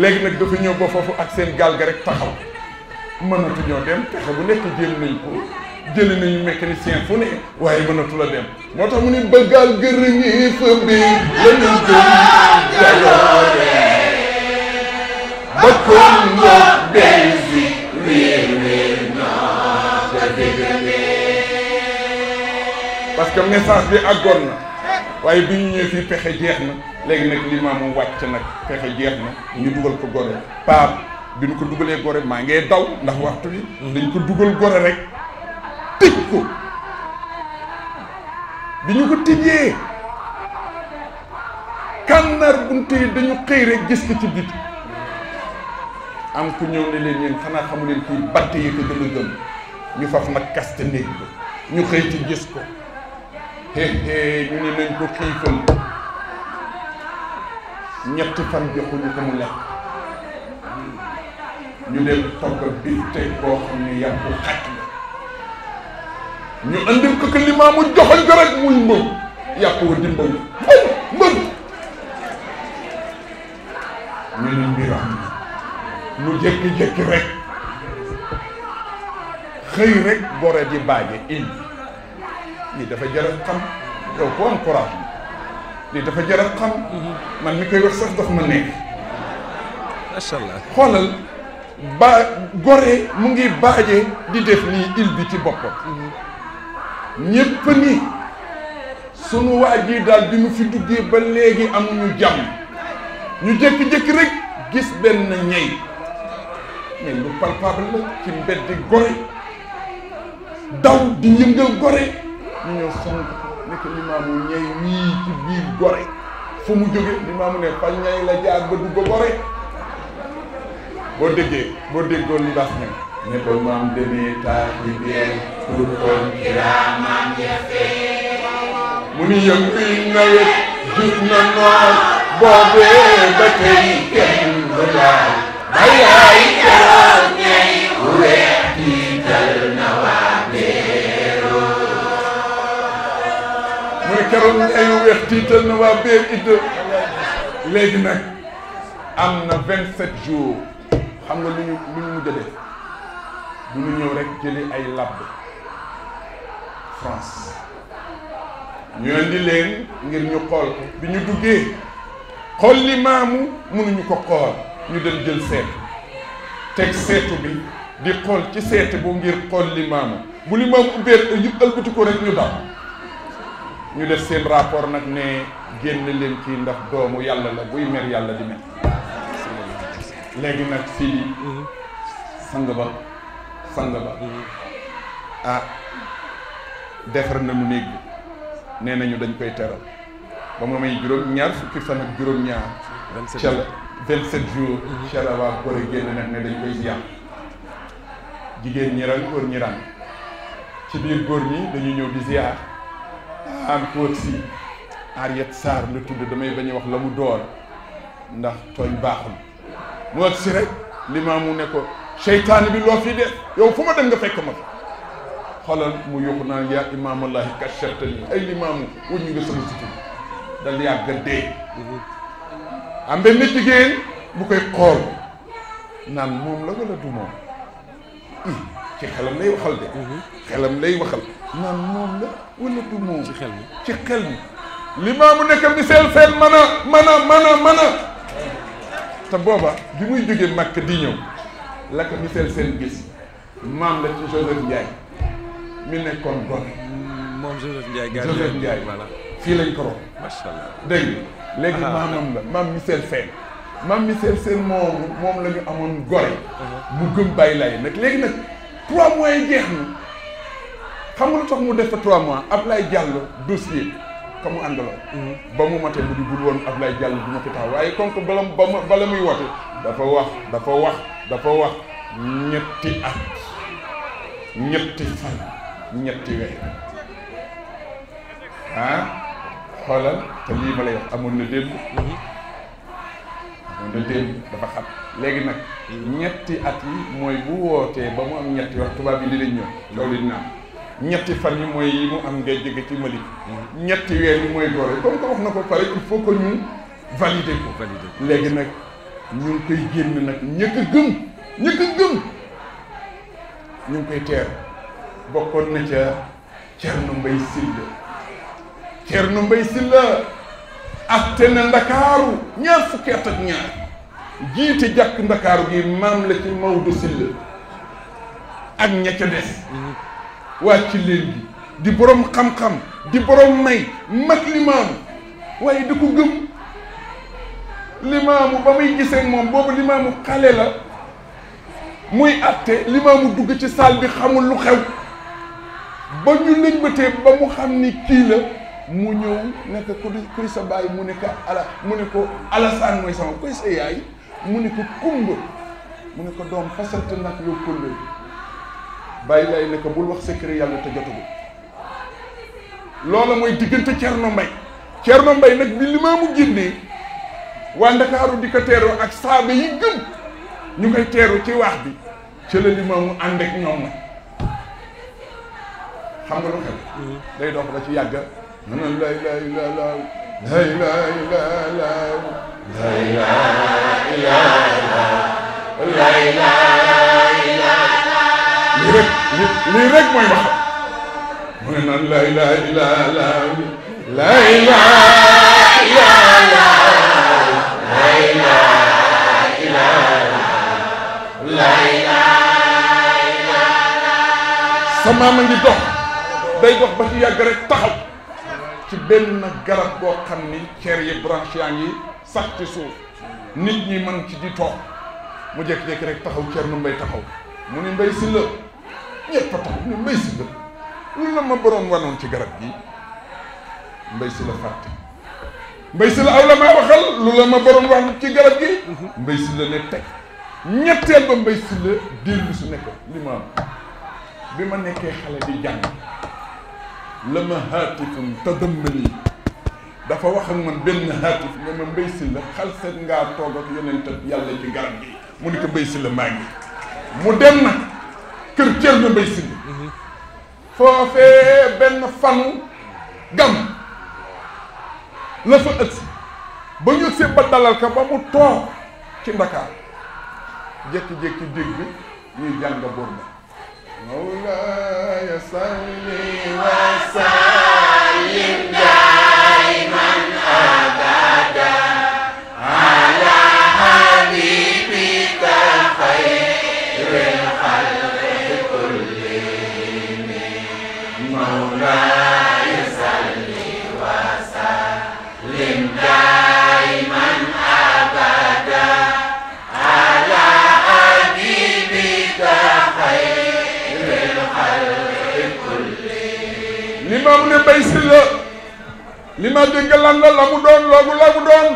léegi nag dafa ñëw ba foofu ak seen gaal ga rek taxaw mënatuñoo dem pexe bu nekk jéem nañ ko jëli nañu mécanicien fu ne waaye mënatul la dem moo tax mu ne ba gaal gërëñi fa bi lañu jëm jaloore ba kon nga que message bi àggoon na waaye bi ñu ñëwee fii pexe jeex na léegi nag li maamu wàcc nag pexe jeex na ñu dugal ko gore paap bi ñu ko dugalee gore maa ngay daw ndax waxtu bi dañ ko dugal gore rek tëj ko bi ñu ko tijjee kànnaar bunte yi dañu xëy rek gis ko ci biti am ku ñëw ne leen yéen xanaa xamu leen kii batte yi ko gën a ñu faf nag kaste néeg ba ñu xëy ci gis ko ñu ne nañ ko xiifal ñetti fan joxuñu ko mu lekk ñu dem togg bi tey boo xam ne yàpp xaj ñu andil ko limaamu joxoñ ko rek muy mbëb yàpp wa dimbal mbëb ñu ne mbiram lu jékki-jékki rek xëy rek gore di baaje indi lii dafa jar a dafa jar a xam man mi ma nekk xoolal ba gore mu ngi baaje di def nii il bi ci boppam ñépp ni sunu waa ji daal bi mu fi duggee ba léegi amuñu jàmm ñu jékki-jékki rek gis benn ñey mais lu palpable la ci mbedd gore daw di yëngal gore ñu ñëw song nekk limaamu ñay ñii ci biir gore fu mu jóge limaamu ne fa la jaar ba dugg boo déggee boo déggoon mbaas ñam ne ko maam demee taar bi kon kiraamaan mu ni yënguy nawet jub na noor boobee ba tey kenn du ba yaay keroog ñay wuree keroog ñayu weex tiital na waa biir idda léegi nag am na vingt sept jours xam nga lu ñu lu ñu mujj a def ñu jëli ay labbe France ñu indi ngir ñu xool bi ñu duggee xool li maamu mënuñu ko xool ñu dem jël seetu teg seetu bi di xool ci seet bu ngir xool li maamu bu li maamu ubbee yëpp ëlbatiku rek ñu daw ñu def seen rapport nag ne génn leen kii ndax doomu yàlla la buy mer yàlla di mer léegi nag si sang ba sang ba ah defar nañu néeg bi nee nañu dañ koy teral ba mu may juróom-ñaar fukki fan ak juróom-ñaar ca la vingt-sept jours mhm. ca dañ koy jiyam jigéen ñi ran góor ñi ci biir góor ñi dañu ñëw di am póot si Ariette Sarr la tudd damay bañ a wax la mu door ndax tooñ baaxul mu wax si rek limaamu ne ko seytaane bi loo fi def yow fu ma dem nga fekk ma xoolal mu yokku naan yaa imaamallaahi kachartani ay limaamu wuñu nga sama sutur dal yàgga dee am benn jigéen bu koy xool naan moom la wala du moom ci xelam lay waxal de mhm. xelam lay waxal naan moom la wala du moom. ci xel mi ci xel mi. li maamu nekkam di seel seen mën a mën a a mën a. te booba bi muy jógee Makka di ñëw la ko miseel seen gis maam la ci Joseph Ndiaye mi nekkoon gone. Mm, moom Joseph Ndiaye. gàllankoor Joseph Ndiaye voilà. fii lañ ko roon. macha allah dégg nga léegi ah. maamam la maam miseel seen. maam miseel seen moom moom la amoon gore. Uh-huh. mu gëm bàyyi lay nag léegi nag trois mois jeex na. xam nga lu tax mu def fa trois mois Ablaye Diallo dossier ka mu àndaloon. Mm-hmm. ba mu matee mu di woon woon Ablaye Diallo du ma fi taxaw waaye comme que bala bala muy woote dafa wax dafa wax dafa wax ñetti at ñetti fan ah, lii ma amoon na démb. Mm-hmm. amoon na démb dafa léegi nag mm-hmm. ñetti at yi mooy bu wootee ba mu am ñetti wax tubaab yi li ñëw loolu dina am. ñetti fan yi mooy yi mu am ngay jóge ci Mali ñetti weer mooy gore comme que wax na ko pare il faut que ñu valider ko léegi nag ñu koy génn nag ñëkk a gëm ñëkk a gëm ñu ngi koy teer bokkoon na ca Thierno Mbaye Sylla Thierno Mbaye Sylla atte na ndakaaru ñaar fukki at ñaar jiite jàkk ndakaaru gi maam la ci Maodo Sylla ak ña ca wàcc leen gi di borom xam-xam di borom may mag limaamu waaye da ko gëm limaamu ba muy gisee moom boobu limaamu xale la muy àtte limaamu dugg ci saal bi xamul lu xew ba ñu lëñbatee ba mu xam ni kii la mu ñëw nekk kuy sa baay mu ne ko mu ne ko alasaan mooy sama kuy sa yaay mu ne ko kumba mu ne ko doom fasante nag yow kumbal bàyyi lay ne ko bul wax secret yàlla te jotagul loola mooy diggante Thierno cer Thierno mbay nag bi limaamu gindi waa Ndakaaru di ko teeroo ak saaba yi gëm ñu koy teeru ci waax bi ci la limaamu ànd ak ñoom nag xam nga lu xew mm-hmm. day dox ba ci yàgg na na lay lay lay lay lay rek lii rek mooy wax mu ne naan laa ilaaha illa laa laa ilaaha illa laa ilaaha illa laa sama ma ngi dox ci yàgg rek garab boo xam ni ceer yi branche yaa sax ci suuf nit ñi mën ci di toog mu jekk jékki rek taxaw ceer nu mbay taxaw mu ni mbay si la ñëpp eh, a tax ñu mbay si lu la ma boroom wanoon ci garab gi mbay si la fàtte mbay si la aw ci garab gi ne teg ñetteel ba mbay si la dellu su nekk li ma bi ma nekkee xale di jàng la ma haatifum tadammani dafa wax ak man benn haatif ne ma mbay si la xal seet ngaa toog ak yonent yàlla ci garab gi mu ni ko mbay maa ngi mu dem na kër Thierno Mbaye Sy mhm. foofee benn fanu gam la fa ëgsi ba ñu ëgsee ba dalal ka ba mu toog ci Ndakaar jékki-jékki dégg ñuy jàng bor ba mawlaaya salli wa bay silla li ma dégg lan la la mu doon loogu la mu doon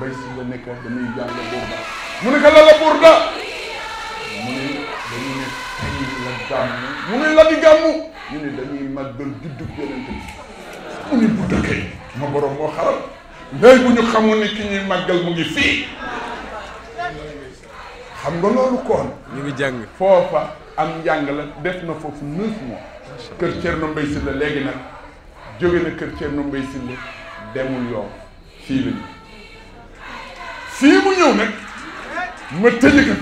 bay silla nekk dañuy jàng burda mu ne la la burda mu mu ne la ne dañuy màggal juddug yonente bi mu ne bu dëkkee ma borom moo xaram léegi bu ñu xamoon ni ki ñuy màggal mu ngi fii xam nga loolu koon ñu ngi jàng foofa am njàng la def na foofu neuf mois kër Thierno Mbaye Sylla léegi nag jóge na kër Thierno Mbaye Sylla demul yoon fii la ñu fii mu ñëw nag ma tëjee ko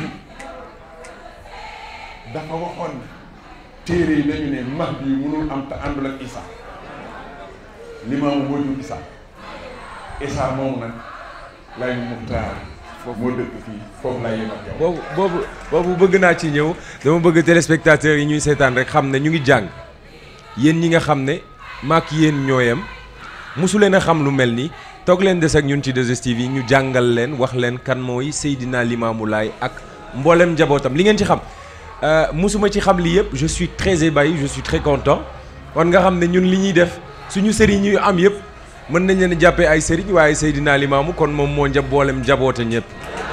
dafa waxoon ne téere yi dañu ne Mahdi bi mënul am te àndul ak Isa limaamu moo jur Isa muxtaar moo dëkk fii foofu laay yëngal yow. boobu boobu bëgg naa ci ñëw dama bëgg téléspectateur yi ñuy seetaan rek xam ne ñu ngi jàng. yéen ñi nga xam ne maak yéen ñooyam mosu leen a xam lu mel ni toog leen des ak ñun ci 2STV yi ñu jàngal leen wax leen kan mooy Seydina Limamou Laye ak mbooleem njabootam li ngeen ci xam euh, mosuma ci xam li yëpp je suis très ébahi je suis très content kon nga xam ne ñun li ñuy def suñu sëriñ ñu am yëpp mën nañ leen jàppee ay sëriñ waaye Seydina Limamou kon moom moo njab boolem njaboote ñëpp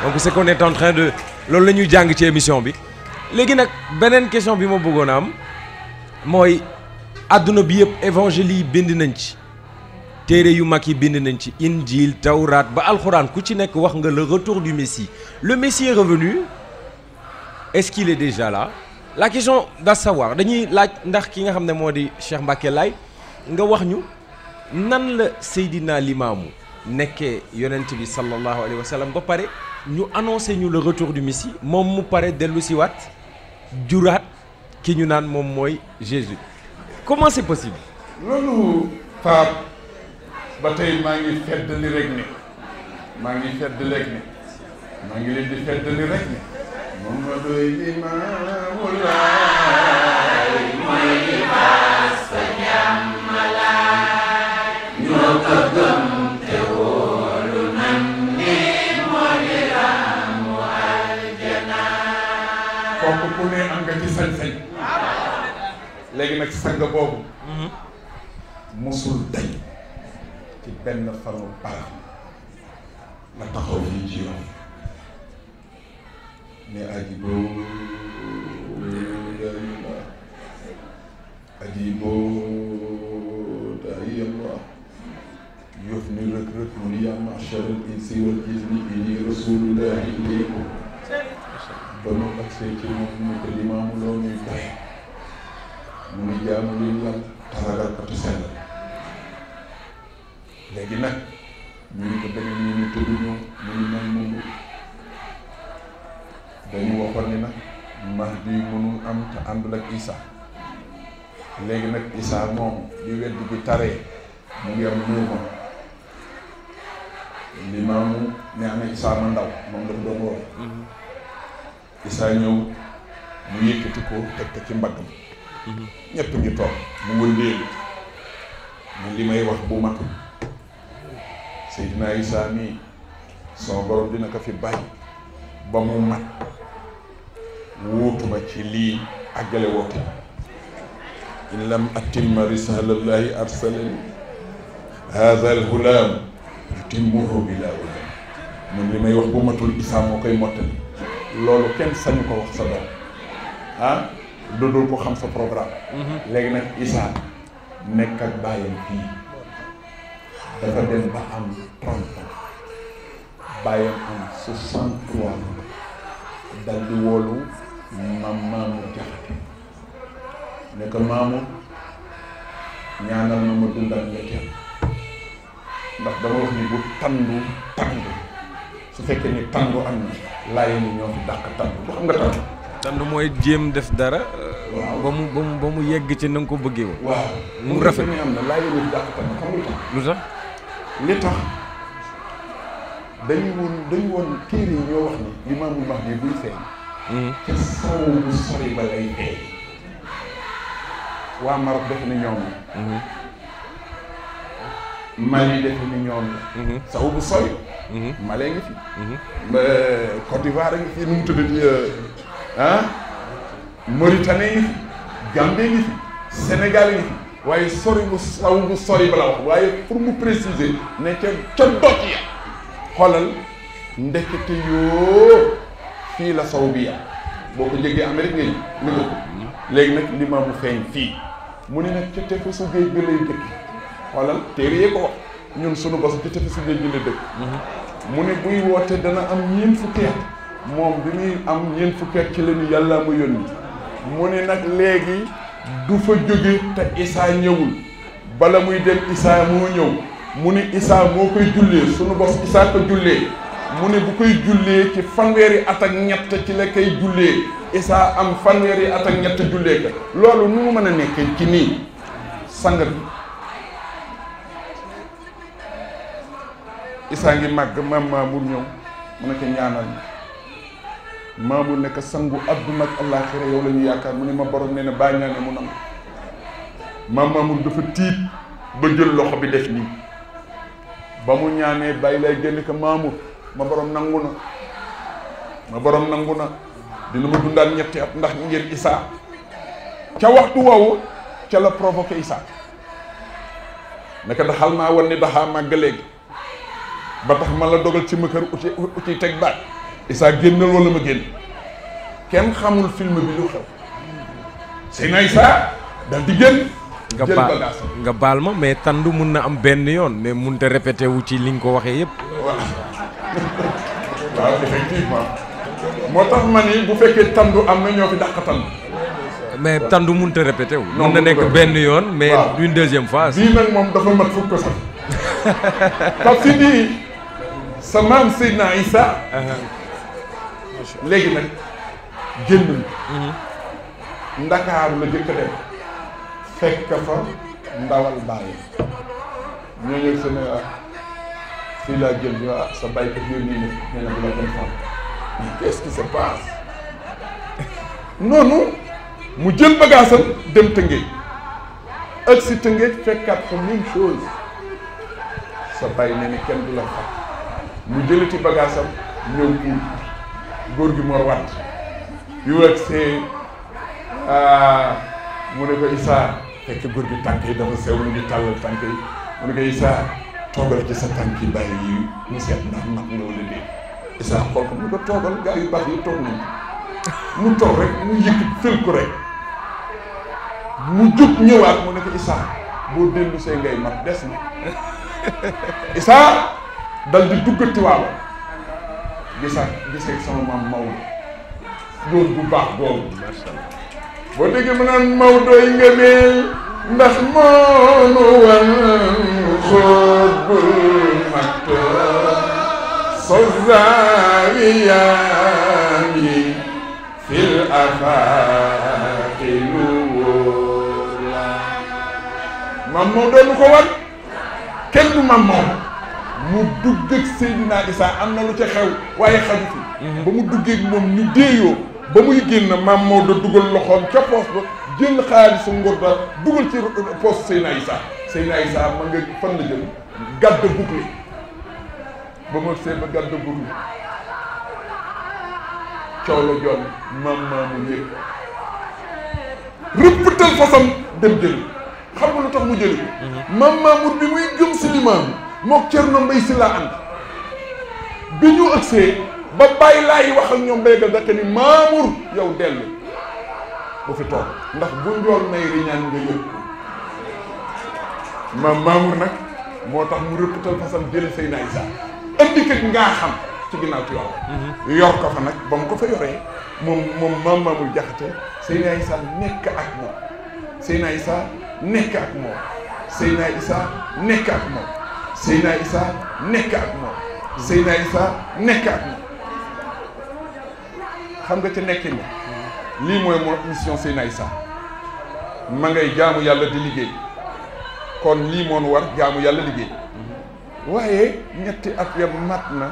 donc c'est qu'on est en de loolu la ñuy jàng ci émission bi léegi nag beneen question bi ma bëggoon a am mooy àdduna bi yëpp évangile yi bind nañ ci téere yu mag yi bind nañ ci injil tawraat ba alxuraan ku ci nekk wax nga le retour du messie le messie est revenu est-ce qu'il est déjà là la question da savoir dañuy laaj ndax ki nga xam ne moo di Cheikh Mbacké lay nga wax ñu nan la Seydina Limaamu nekkee yonent bi sallallahu alayhi wa sallam ba pare ñu annoncé ñu le retour du messie moom mu pare dellu siwaat juraat ki ñu naan moom mooy Jésus comment c'est possible loolu Pape ba tey maa ngi feddali rek ne maa ngi feddali rek ne maa ngi leen di feddali rek ne moom ma doy imaamu laay mooy libaas ba jàmm laay nag sang boobu mhm. mosul dañ ci benn fanu barab la taxaw fii ci yoon ne ajiboo dayla ajiboo dayla yof ni rek mu ni yaa ma'shar al-insi wal jinni inni rasulullahi ilaykum ba mu agsee ci mu ko limaamu loo ñuy mu ngi jaamu luy yàlla léegi nag ñu ngi ko demee ñu ngi tudd ñoom ñu ngi mel noonu dañu waxoon ni nag Mahdi mënul am te àndul ak Isa léegi nag Isa moom di wedd bi taree mu ngi am mouvement li maamu ne ana Isa ma ndaw moom dafa doon wax mm-hmm. Isa ñëw mu yëkkati ko teg ko ci mbaggam ñëpp ngi toog mu wëndeelu man li may wax bu matul Seydina Isa mii sama borom dina ko fi bàyyi ba mu mat wuutu ma ci lii àggale woote in lam atimma risalallahi arsalani haza alhulaam yutimmuhu bila wulaam man li may wax bu matul Isa moo loolu kenn sañu ko wax sa doom ah lu dul ko xam sa programme. Mhm. léegi nag Issa nekk ak bàyyam fii dafa dem ba am trente bàyyam am soixante trois dal di woolu mam maamu jaxate ne ko ñaanal na ma dundal ñetti ndax dama wax ni bu tandu tandu su fekkee ni tandu am ni ñoo fi dàq tandu bu xam nga tandu tam mooy jéem def dara. Euh, ba mu ba mu ba mu yegg ci na ko bëggee waaw mu rafet mu am na laaj yëngu dàq lu tax. li tax dañu woon dañu woon téere yi ñoo wax ni limaamul mahdi buy feeñ. Hmm. ni ñoom la. Hmm. Mali hmm. saw bu sori. Mali ngi fi. Côte d'Ivoire ngi fi nu mu tuddati. Euh, ah Mauritanie ngi fi Gambie ngi fi waaye sori bu saw bu sori ba la wax waaye pour mu préciser ne ca ca doj ya xoolal ndekete fii la saw bi ya boo ko jégee Amérique ngay ni ko léegi nag li ma feeñ fii mu ne nag ca su géej bi lay dëkk xoolal téere yee ko wax ñun sunu bos ca tefesu géej gi lay dëkk mhm. mu ne buy woote dana am ñeent fukki at moom bi muy am ñeent fukki at ci la yàlla mu yónni mu ne nag léegi du fa jóge te isaa ñëwul bala muy dem isaa moo ñëw mu ne isaa moo koy jullee sunu bos isaa ko jullee mu ne bu koy jullee ci fanweeri at ñett ci la koy isaa am fanweeri at ak ñett jullee ka loolu nu mu mën a nekkee ci nii sang bi isaa ngi màgg maam Mamour ñëw mu ne ñaanal maamul nekk sangu àdduna ak àllaaxira yow la ñu yaakaar mu ne ma borom nee na baa ñaane mu nangu maam maamul dafa tiit ba jël loxo bi def nii ba mu ñaanee bàyyi lay génn ko maamul ma boroom nangu na ma borom nangu na dina ma dundaan ñetti at ndax ngir isaa ca waxtu woowu ca la provoqué isaa naka daxal maa wan ni daxaa màgg léegi ba tax ma la dogal ci ma kër uti uti teg baat Issa génnal wala ma génn kenn xamul film bi lu xew Seydina Issa dal di génn nga baal nga baal ma mais tàndu mun na am benn yoon mais mun te répété wu ci li nga ko waxee yëpp waaw effectivement moo tax ma ni bu fekkee tàndu am na ñoo fi dàq tàndu mais tàndu mun te répété wu mun na nekk benn yoon mais une fois bii nag moom dafa mat fukk ko sax parce nii sa maam Seydina Issa uh-huh. léegi nag génn ndakaaru la jëkk a dem fekk fa ndawal bàyyi ñoo ñëw sa fii laa jël ñu ah sa bàyyi ko fii nii ne nee na bu la dem fàmm qu'est-ce mu jël bagaasam dem Tëngéej ak si Tëngéej fekkaat fa même chose bagaasam ñëw indi góor gi Mor Watt bi mu agsee ah, mu ne ko Issa fekk góor gi tànk yi dafa sew mu ngi tàllal tànk yi mu ne ko toogal ci sa tànk yi bàyyi yi mu seet ndax mat nga wala déet Issa xool mu ko toogal gaa yu baax yi toog nañ mu toog rek mu yëkk fël ko rek mu jub ñëwaat mu ne ko Issa boo dellu see ngay mat des na Issa dal di duggati gisaat gisee sama maam Maodo góor bu baax boobu boo déggee mu naan Maodo yi nga mel ndax moonu wan xóot bu mat sozawiyaam yi fil afaaqi lu wóor la maam Maodo ko war kenn du maam Maodo mu duggeeg Seydina Isa am na lu ca xew waaye xaju mhm. ba mu duggeeg moom ñu déeyoo ba muy génn maam Maodo dugal loxoom ca poos ba jël xaalisu ngor dugal ci poos Seydina Isa Seydina Isa ma nga fan la jël gàdda bouclé ba ma see ba gàdda bouclé coow la joon maam maamu yëpp rëpptal fasam dem jëli xam nga lu tax mu jëli mhm. maam maamu bi muy gëm si limaam mook Thierno Mbaye si laa ànd bi ñu ëgsee ba bàyyi laay wax ak ñoom béykat da ni Mamour yow dellu bu fi toog ndax bu njool may riñaan nga yëg maam Mamour nag moo tax mu rëppatal fasam jël say naay saa indi kat ngaa xam ci ginnaaw ci yow mm-hmm. yor ko fa nag ba mu ko fa yoree moom moom maam Mamour jaxate Seyna Issa nekk ak moom Seyna Issa nekk nekk ak moom Seydina Isa nekk ak moom Seydina Isa nekk ak moom xam nga ca nekkin na lii mooy moo mission Seydina Isa ma ngay jaamu yàlla di liggéey kon lii moon war jaamu yàlla liggéey waaye ñetti at ya mat na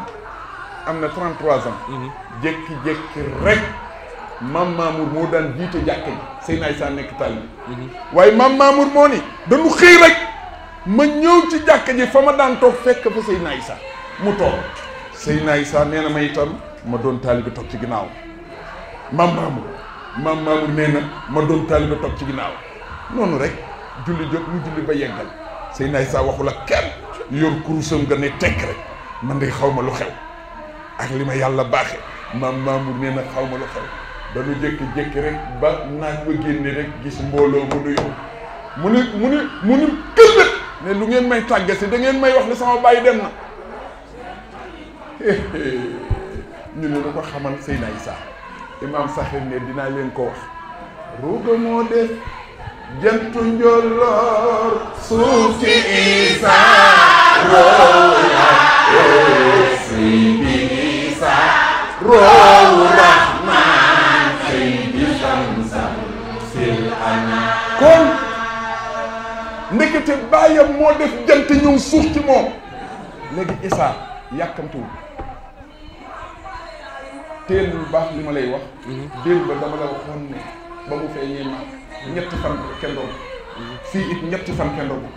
am na 33 ans mhm. jékki-jékki rek maam Mamour moo daan jiite jàkk ji Seydina Isa nekk taal bi mhm. waaye maam Mamour moo ni dañu xëy rek ma ñëw ci jàkka ji fa ma daan toog fekk fa Seydina saa mu toog Seydina Isa nee na ma itam ma doon taalibe toog ci ginnaaw maam Mamour maam Mamour nee na ma doon taalibe toog ci ginnaaw noonu rek julli jot mu julli ba yeggal Seydina Isa waxul ak kenn yor kurusam nga ne tekk rek man de xaw ma lu xew ak li ma yàlla baaxe maam Mamour nee na xaw ma lu xew dañu jékki-jékki rek ba naaj ba génne rek gis mbooloo mu nuyoo mu ni mu ni mu ni këllët ne lu ngeen may tàggati da ngeen may wax ne sama bàyyi dem na ñu ne lu ko xamal Seyna Issa imaam Saxir ne dinaa leen ko wax ruuga moo def jantu njolloor suuf ci Issa roya eh, si bi Issa roya ndekete bàyyam moo def jant ñëw suuf ci moom léegi Issa yàkkamtiwul teel lu baax li ma lay wax. démb ba dama la waxoon ne ba mu feeñee ma ñetti fan kendoo fii it ñetti fan kendoo ko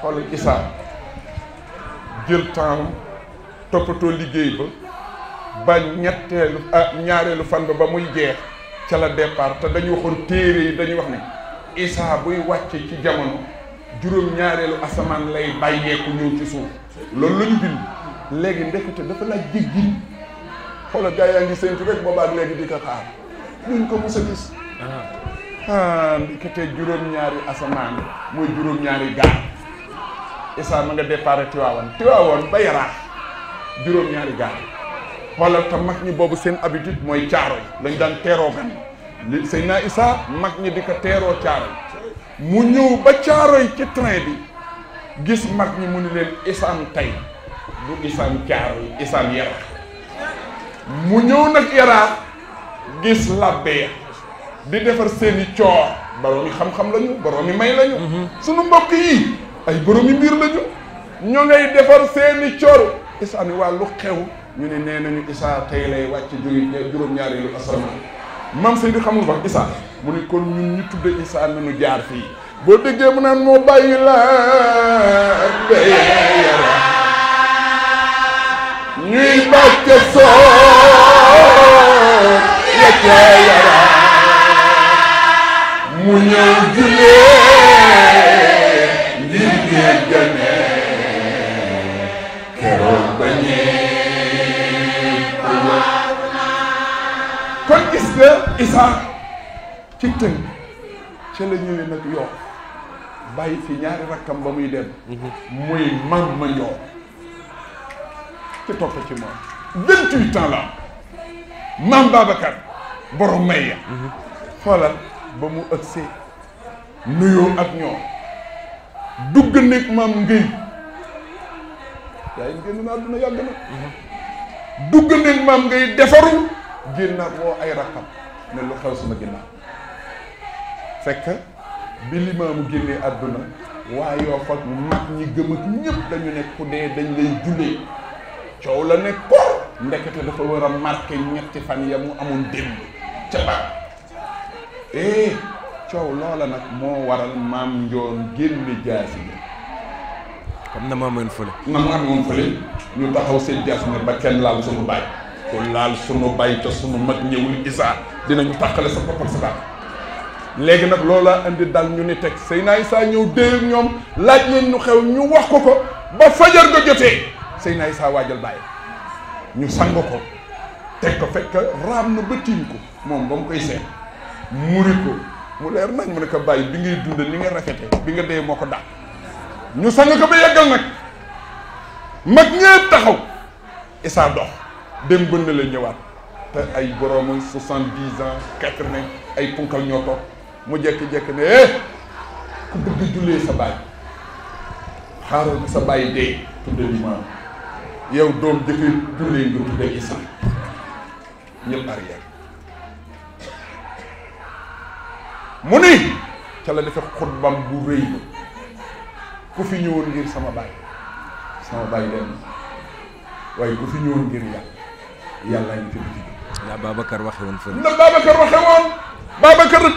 xoolal Issa jël temps toppatoo liggéey ba ba ñetteelu ah ñaareelu fan ba ba muy jeex ca la départ te dañu waxoon téere yi dañuy wax ne. Isaa buy wàcc ci jamono juróom ñaareelu asamaan lay bàyyeeku ñëw ci suuf loolu la ñu bind léegi ndekete dafa laaj jéggi xoolal gars yaa ngi séntu rek boobaak léegi di ko xaar luñ ko mos a gis ah, ah juróom ñaari asamaan mooy juróom ñaari gaar Isaa ma nga départ Tiwaawoon Tiwaawoon ba Yaraax juróom ñaari gaar xoolal te mag ñi boobu seen habitude mooy caaro yi lañ daan teeroo gan li Seydina Issa mag ñi di ko teeroo caaroy mu ñëw ba caaroy ci train bi gis mag ñi mu ni leen isaam tey du isaam yi isaam yaraax mu ñëw nag yaraax gis labbe di defar seeni coor boroomi xam-xam lañu boroomi may lañu mhm. sunu mbokk yi ay boroomi mbir lañu ñoo ngay defar seeni coor isaam yi waa lu xew ñu ne nee nañu Issa tey lay wàcc juróom-ñaari yu asamaan maam Seydou xamul wax Issa mu ne kon ñun ñu tudde Issa nañu jaar fii boo déggee mu naan moo bàyyi la yara ñuy bàcce soo mu ñëw julee nga Isa ci tënk ca la ñëwee nag yoo bàyyi fi ñaari rakkam ba muy dem muy mam ma ñoo ci topp ci moom vingt-huit ans la borom may ya xoolal ba mu ëgsee nuyoo ak ñoo dugg nekk maam ngëy dugg nekk maam defarul génnaat woo ay rakkam ne lu xew sama ginnaaw fekk bi limaamu àdduna waa yoo fag mag ñi gëm ak dañu ne ku dee dañ lay jullee coow la ne ko ndekete dafa war a marqué ñetti fan ya mu amoon démb ca baax eh coow loola nag moo waral maam njoon génne jaasi yi comme na ma amoon fële na ma amoon fële ñu taxaw seen jaas ne ba kenn laal suñu bàyyi ku laal sunu bay te sunu mag ñëwul isa dinañu tàqale sa bopp ak sa dàq léegi nag laa indi daal ñu ni teg Seydina Isa ñëw déeg ñoom laaj leen ñu xew ñu wax ko ko ba fajar ga jotee Seydina Isa waajal bàyyi ñu sang ko teg ko fekk raam na ba tiim ko moom ba mu koy seet muri ko mu leer nañ mu ne bàyyi bi ngay dund li nga rafete bi nga dee moo ko dàq ñu sang ko ba yeggal nag mag ñëpp taxaw Isa dox dem bënd la ñëwaat te ay boroomu soixante-dix ans quatre-vingts ay punkal ñoo toog mu jekk-jekk ne eh ku bëgg jullee sa baay xaaral sa baay dee tudde li maam yow doom jëkkee jullee nga tudde isa ñëpp arrière mu ni ca la defe xutbam bu rëy ba ku fi ñëwoon ngir sama baay sama baay dem waaye ku fi ñëwoon ngir yàlla yàllaa ngi fi du ci na Babacar waxe woon fële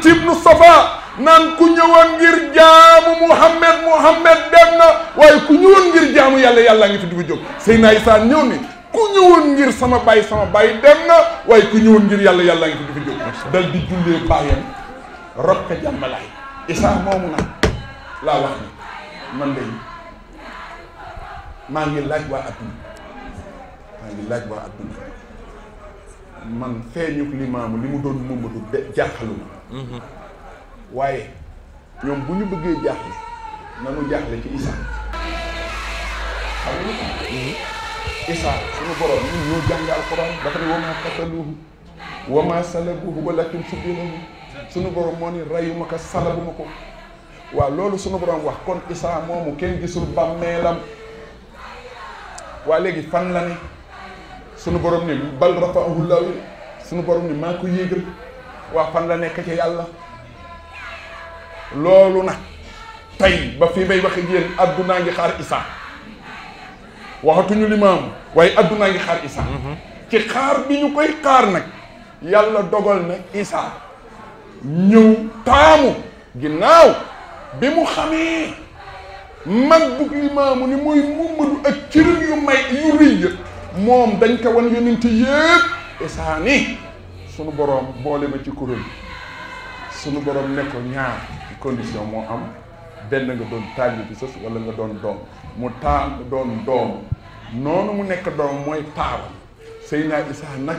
na naan ku ñëwoon ngir jaamu Muhammad Muhammad dem na waaye ku ñëwoon ngir jaamu yàlla yàllaa ngi fi dugg jóg Seydina Isa ñëw ni ku ñëwoon ngir sama baay sama baay dem na waaye ku ñëwoon ngir yàlla yàllaa ngi fi dugg jóg dal di jullee baayam rob ka moomu nag laa wax ni man day maa ngi laaj waa adduna maa ngi laaj waa adduna man feeñuk limaamu li mu doon Momadou jaaxalu ma mhm. waaye ñoom bu ñu bëggee jaaxle nanu jaaxle ci Issa xam mhm. nga Issa suñu borom ñun ñoo jàng alquran ba pare wa maa qataluuhu wa maa salabuuhu walakin suñu borom moo ni rayuma ko salabuma ko waaw loolu suñu borom wax kon Issa moomu kenn gisul bàmmeelam waa léegi fan la ne sunu borom ni bal rafaahu llahu sunu borom ni maa ko yéegal waa fan la nekk ci yàlla loolu nag tey ba fii bay waxe yéen addunaa ngi xaar isa waxatuñu limaam waaye addunaa ngi xaar isa ci xaar bi ñu koy xaar nag yàlla dogal na isaa ñëw taamu ginnaaw bi mu xamee mag bug limaamu ni mooy mummadu ak cëriñ yu may yu rëy moom dañ ko wan yonent yëpp isaa ni sunu boroom boole ma ci kuréel sunu boroom ne ko ñaar condition moo am benn nga doon taalibe bi sës walla nga doon doom mu taal doon doom noonu mu nekk doom mooy taaw Seydina Isaa nag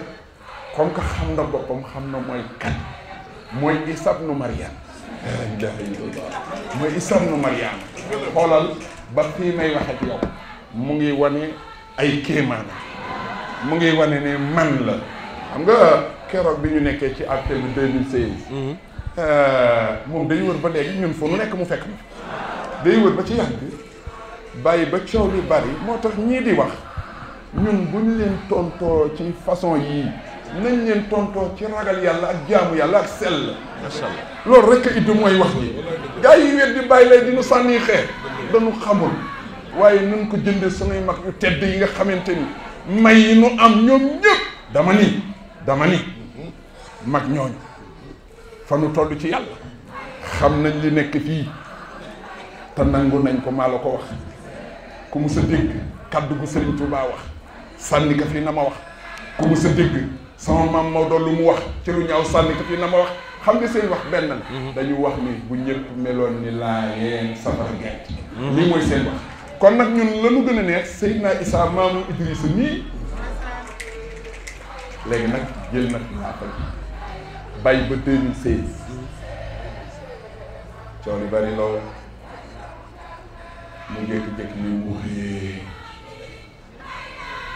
comme que xam na boppam xam na mooy kat mooy Isaa ibnu Maryam mooy Isaa ibnu Maryam xoolal ba fii may wax ak mu ngi wane ay kéemaan mu ngi wane ni man la xam nga keroog bi ñu nekkee ci acte bi 2016 mhm. euh, moom day wër ba léegi ñun fu nu nekk mu fekk na day wër ba ci yàgg bàyyi ba coow li bari moo tax ñii di wax ñun bu ñu leen tontoo ci façon yii nañ leen tontoo ci ragal yàlla ak jaamu yàlla ak sel macha loolu rek a iddu mooy wax ji gars yi di bàyyi lay di ñu sànni xeer dañu xamul waaye nun ko jëndee sunuy mag yu tedd yi nga xamante ni may yi nu am ñoom ñëpp dama ni dama ni mag ñooñu fa nu toll ci yàlla xam nañ li nekk fii te nangu nañ ko maa la ko wax ku mu sa dégg kaddu gu Sëriñ Tuubaa wax sànni ka fi na ma wax ku mu sa dégg sama maam Maodo lu mu wax ci lu ñaaw sànni ka fi na ma wax xam nga seen wax benn la mhm. dañu wax ni bu ñëpp meloon ni laayeen safara gent mhm. li mooy seen wax kon nag ñun la gën a neex Seydina Issa maamu Idrissa nii léegi nag jël nag naafal bàyyi ba 2016 coow li bari lool mu njëkk jëkk ni mu xëyee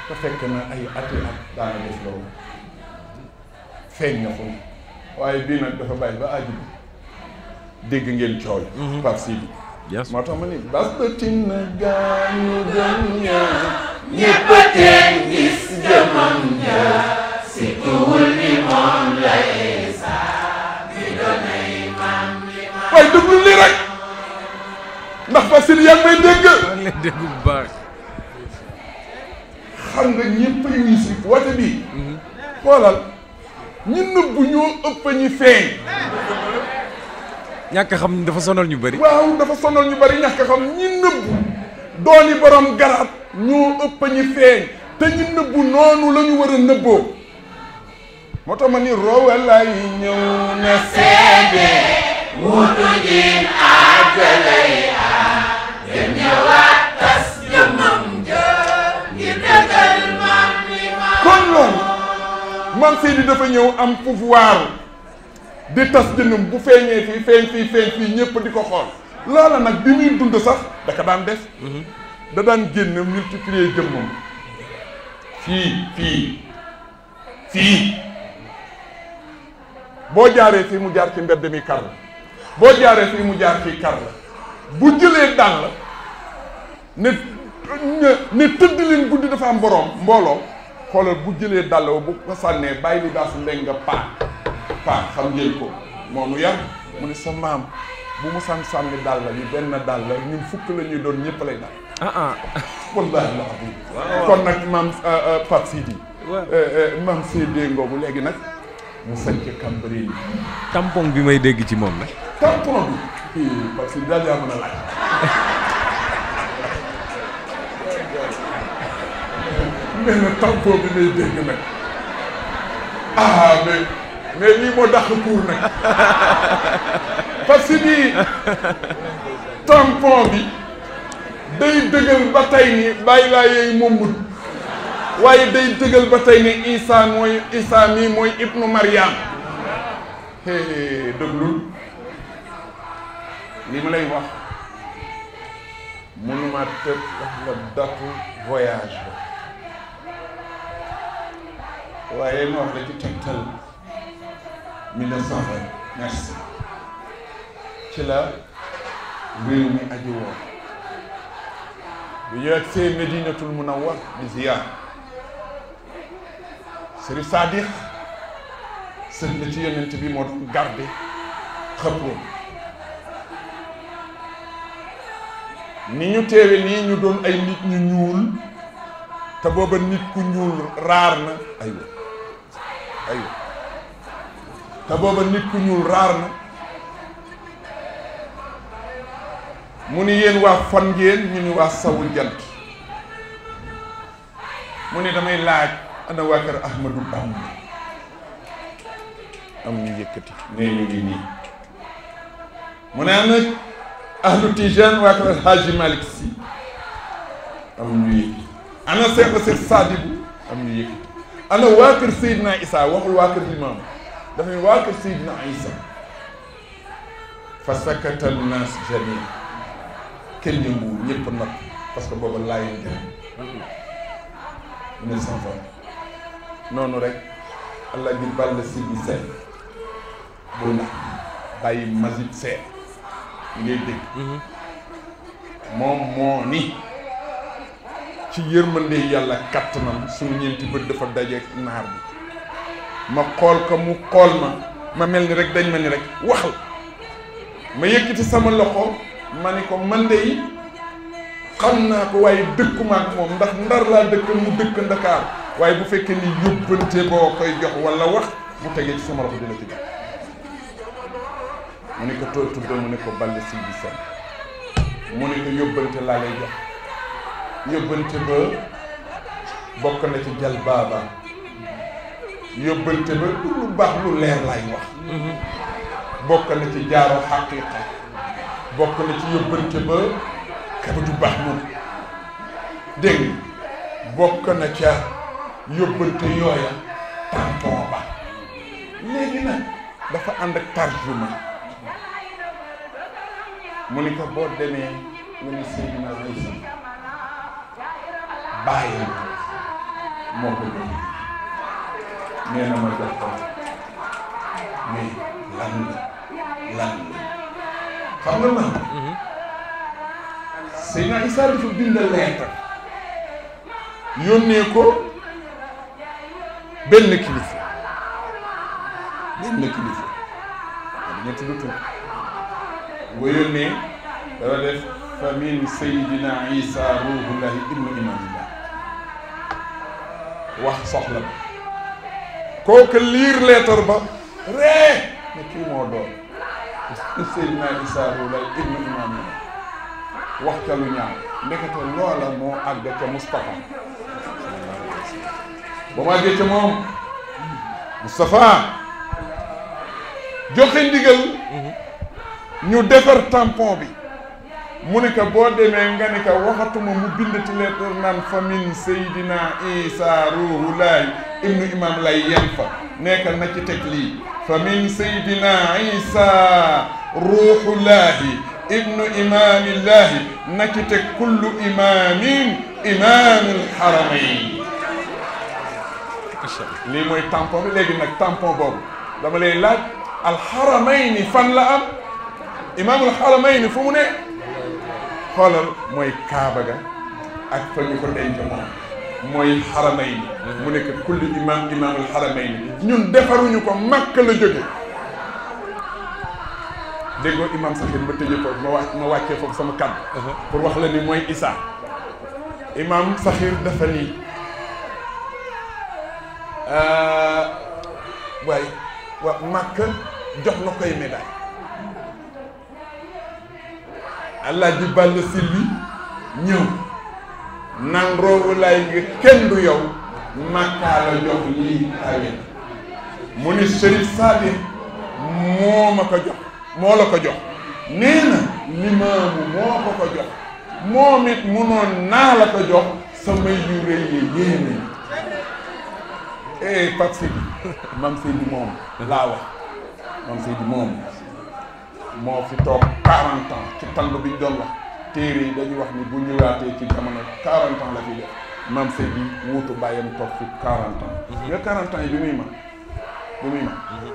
te fekk na ay ati at daana def loolu feeñ na ko waaye bii nag dafa bàyyi ba àjjuma dégg ngeen coow mhm. Pape Sidi moo tax ma ni babatin na gaañu gëm ña ñëpp tee gis ja si tuwul ni moom la Isa bi doonay maam li maam waaye déglu lii rek ndax Fassine yaa ngi may dégg xam nga ñëpp a wuyu si bi mm-hmm. xoolal ñi nëbbu ñoo ëpp ñi feeñ ñàkk xam dafa sonal ñu bari waaw dafa sonal ñu bari ñàkk xam ñi nëbbu dooni borom garab ñoo ëpp ñi feeñ te ñi nëbbu noonu la ñu war a nëbboo moo tax ma ni ñëw na seede wutu ji àggalay ah dem ñëwaat tas jëmmam dafa ñëw am pouvoir di tas dënnam bu feeñee fii feeñ fii feeñ fii ñëpp di ko xool loola nag bi muy dund sax da ko daan def mhm. da daan génn multiplier jëmmam fii fii fii boo jaaree fii mu jaar ci mbedd mi kar boo jaaree fii mu jaar fii kar la bu jëlee daan ne ne tëdd leen guddi dafa am boroom mbooloo xoolal bu jëlee dàll bu ko sànnee bàyyi li daa su leen nga paan paa xam ngeen ko moo yar mu ne sa maam bu mu sàn sànni dàll yi benn dàll ñun fukk la doon ñëpp lay dal. ah ah. wallaahi la abdi kon nag maam euh, euh, Pape euh, maam Sidi Ngom léegi nag mu sanc Cambérène. tampon bi may dégg ci moom nag. tampon bi. may dégg nag. ah mais lii moo dàq cours nag parce que nii tampon bi day dëggal ba tey ni bàyyi laa yooyu waaye day dëggal ba tey ni Isa mooy Isa mii mooy ibnu Mariam déglul li ma lay wax mënuma tëb wax la datu voyage waaye ma wax la ci tegtal 1920 merci ci la réew mi aju woon bi ñu agsee Medinatul Munawwar di ziyaar Serigne Sadiq sëñ na ci yonent bi moo doon garde xëppoon ni ñu teewe nii ñu doon ay nit ñu ñuul te booba nit ku ñuul raar na aywa te booba nit ku ñuul raar na mu ni yéen waa fan ngeen ñu ni waa sawu jant mu ni damay laaj ana waa kër Ahmadou Bamba am ñu yëkkati ne ñu nii mu ne nag ahlu Tijaan waa kër Haaji Si am ñu yëkkati ana Seex Seex Saadibu am ñu yëkkati ana waa kër Seydina Isaa waxul waa kër dafa ne waa kër Seydina Isa fa sakata naas jamii kenn yënguwul ñëpp nag parce que booba laayante mm-hmm. ne mille cent noonu rek allah ji bàll si bi seet bu na bàyyi masib seet ñu ngay dégg mm-hmm. moom moo ni ci yërmande yàlla kattanam suñu ñeenti bët dafa daje naar bi ma xool ko mu xool ma ma mel ni rek dañ mel ni rek waxal ma ci sama loxo ma ni ko man de xam naa ko waaye dëkkuma ak moom ndax ndar laa dëkk mu dëkk ndakaar waaye bu fekkee ni yóbbante boo koy jox walla wax bu tegee ci sama loxo dina ci jox mu ne ko too tuddee mu ne ko balli si bi seen mu ne ko yóbbante laa lay jox yóbbante ba bokk na ci jal baaba yóbbante ba lu baax lu leer lay wax na ci jaaro xaqiqa bokk na ci yóbbante ba kabatu baax moom dégg bokk na ca yóbbante yooya tampon ba léegi nag dafa ànd ak tarjuma mu ni ko boo demee nga ne Seydina Isa bàyyi moo ko nee na ma jox ko mais lan la lan la xam nga man. Seydina Issa dafa bind lettre yónnee ko benn kilifa benn kilifa dañoo tudd tur nga yónnee dafa def famille Seydina Issa Ruuhullahi ibnu Imaamillah wax soxla ba. kooku liir leetar ba ree ne kii moo doon Seydina Issa Rohou Laye ibnu imaam yi wax ca lu ñaaw ndekete loola moo àgg ca Moustapha ba mu àggee ca moom Moustapha joxe ndigal ñu defar tampon bi mu ne ko boo demee nga ne ko waxatuma mu bind ci leetar naan famine Seydina Issa Rohou Laye ibnu imam lay yem fa nekkal na ci teg lii fa min saydina isa ruuxullaahi ibnu imaamillaahi na ci teg kullu imaamin imaamul xaramayn lii mooy tampon bi léegi nag tampon boobu dama lay laaj alxaramayni fan la am imaamul xaramayni fu mu ne xoolal mooy kaaba ga ak fa ñu ko denc moom mooy xaramayni mu nekk kulli imam imaamul xaramayni ñun defaruñu ko màkk la jóge déggoo imam saxin ma tëjee foofu ma wàcc ma wàccee foofu sama kàddu uh-huh. pour wax la ni mooy Isa imam saxir dafa nii euh, waaye wa jox na koy médaille allah ji bàll si ñëw nang roobu lay ngir kenn du yow makkaa jox lii kawe mu ni sëriñ Saaliw moo ma ko jox moo la ko jox nee na limaamu moo ko jox moom it munoon naa la ko jox samay yu rëy yi yéene eh Pape Seydi mam Seydi moom laa wax mam Seydi moom moo fi toog 40 ans ci bi ñu doon téere yi dañuy wax ni bu ñu ñëwaatee ci jamono 40 ans la fi def maam sëy bi wuutu bàyyam toog fi 40 ans. Mhm. nga 40 ans yi bi muy mag bi muy mag. Mhm.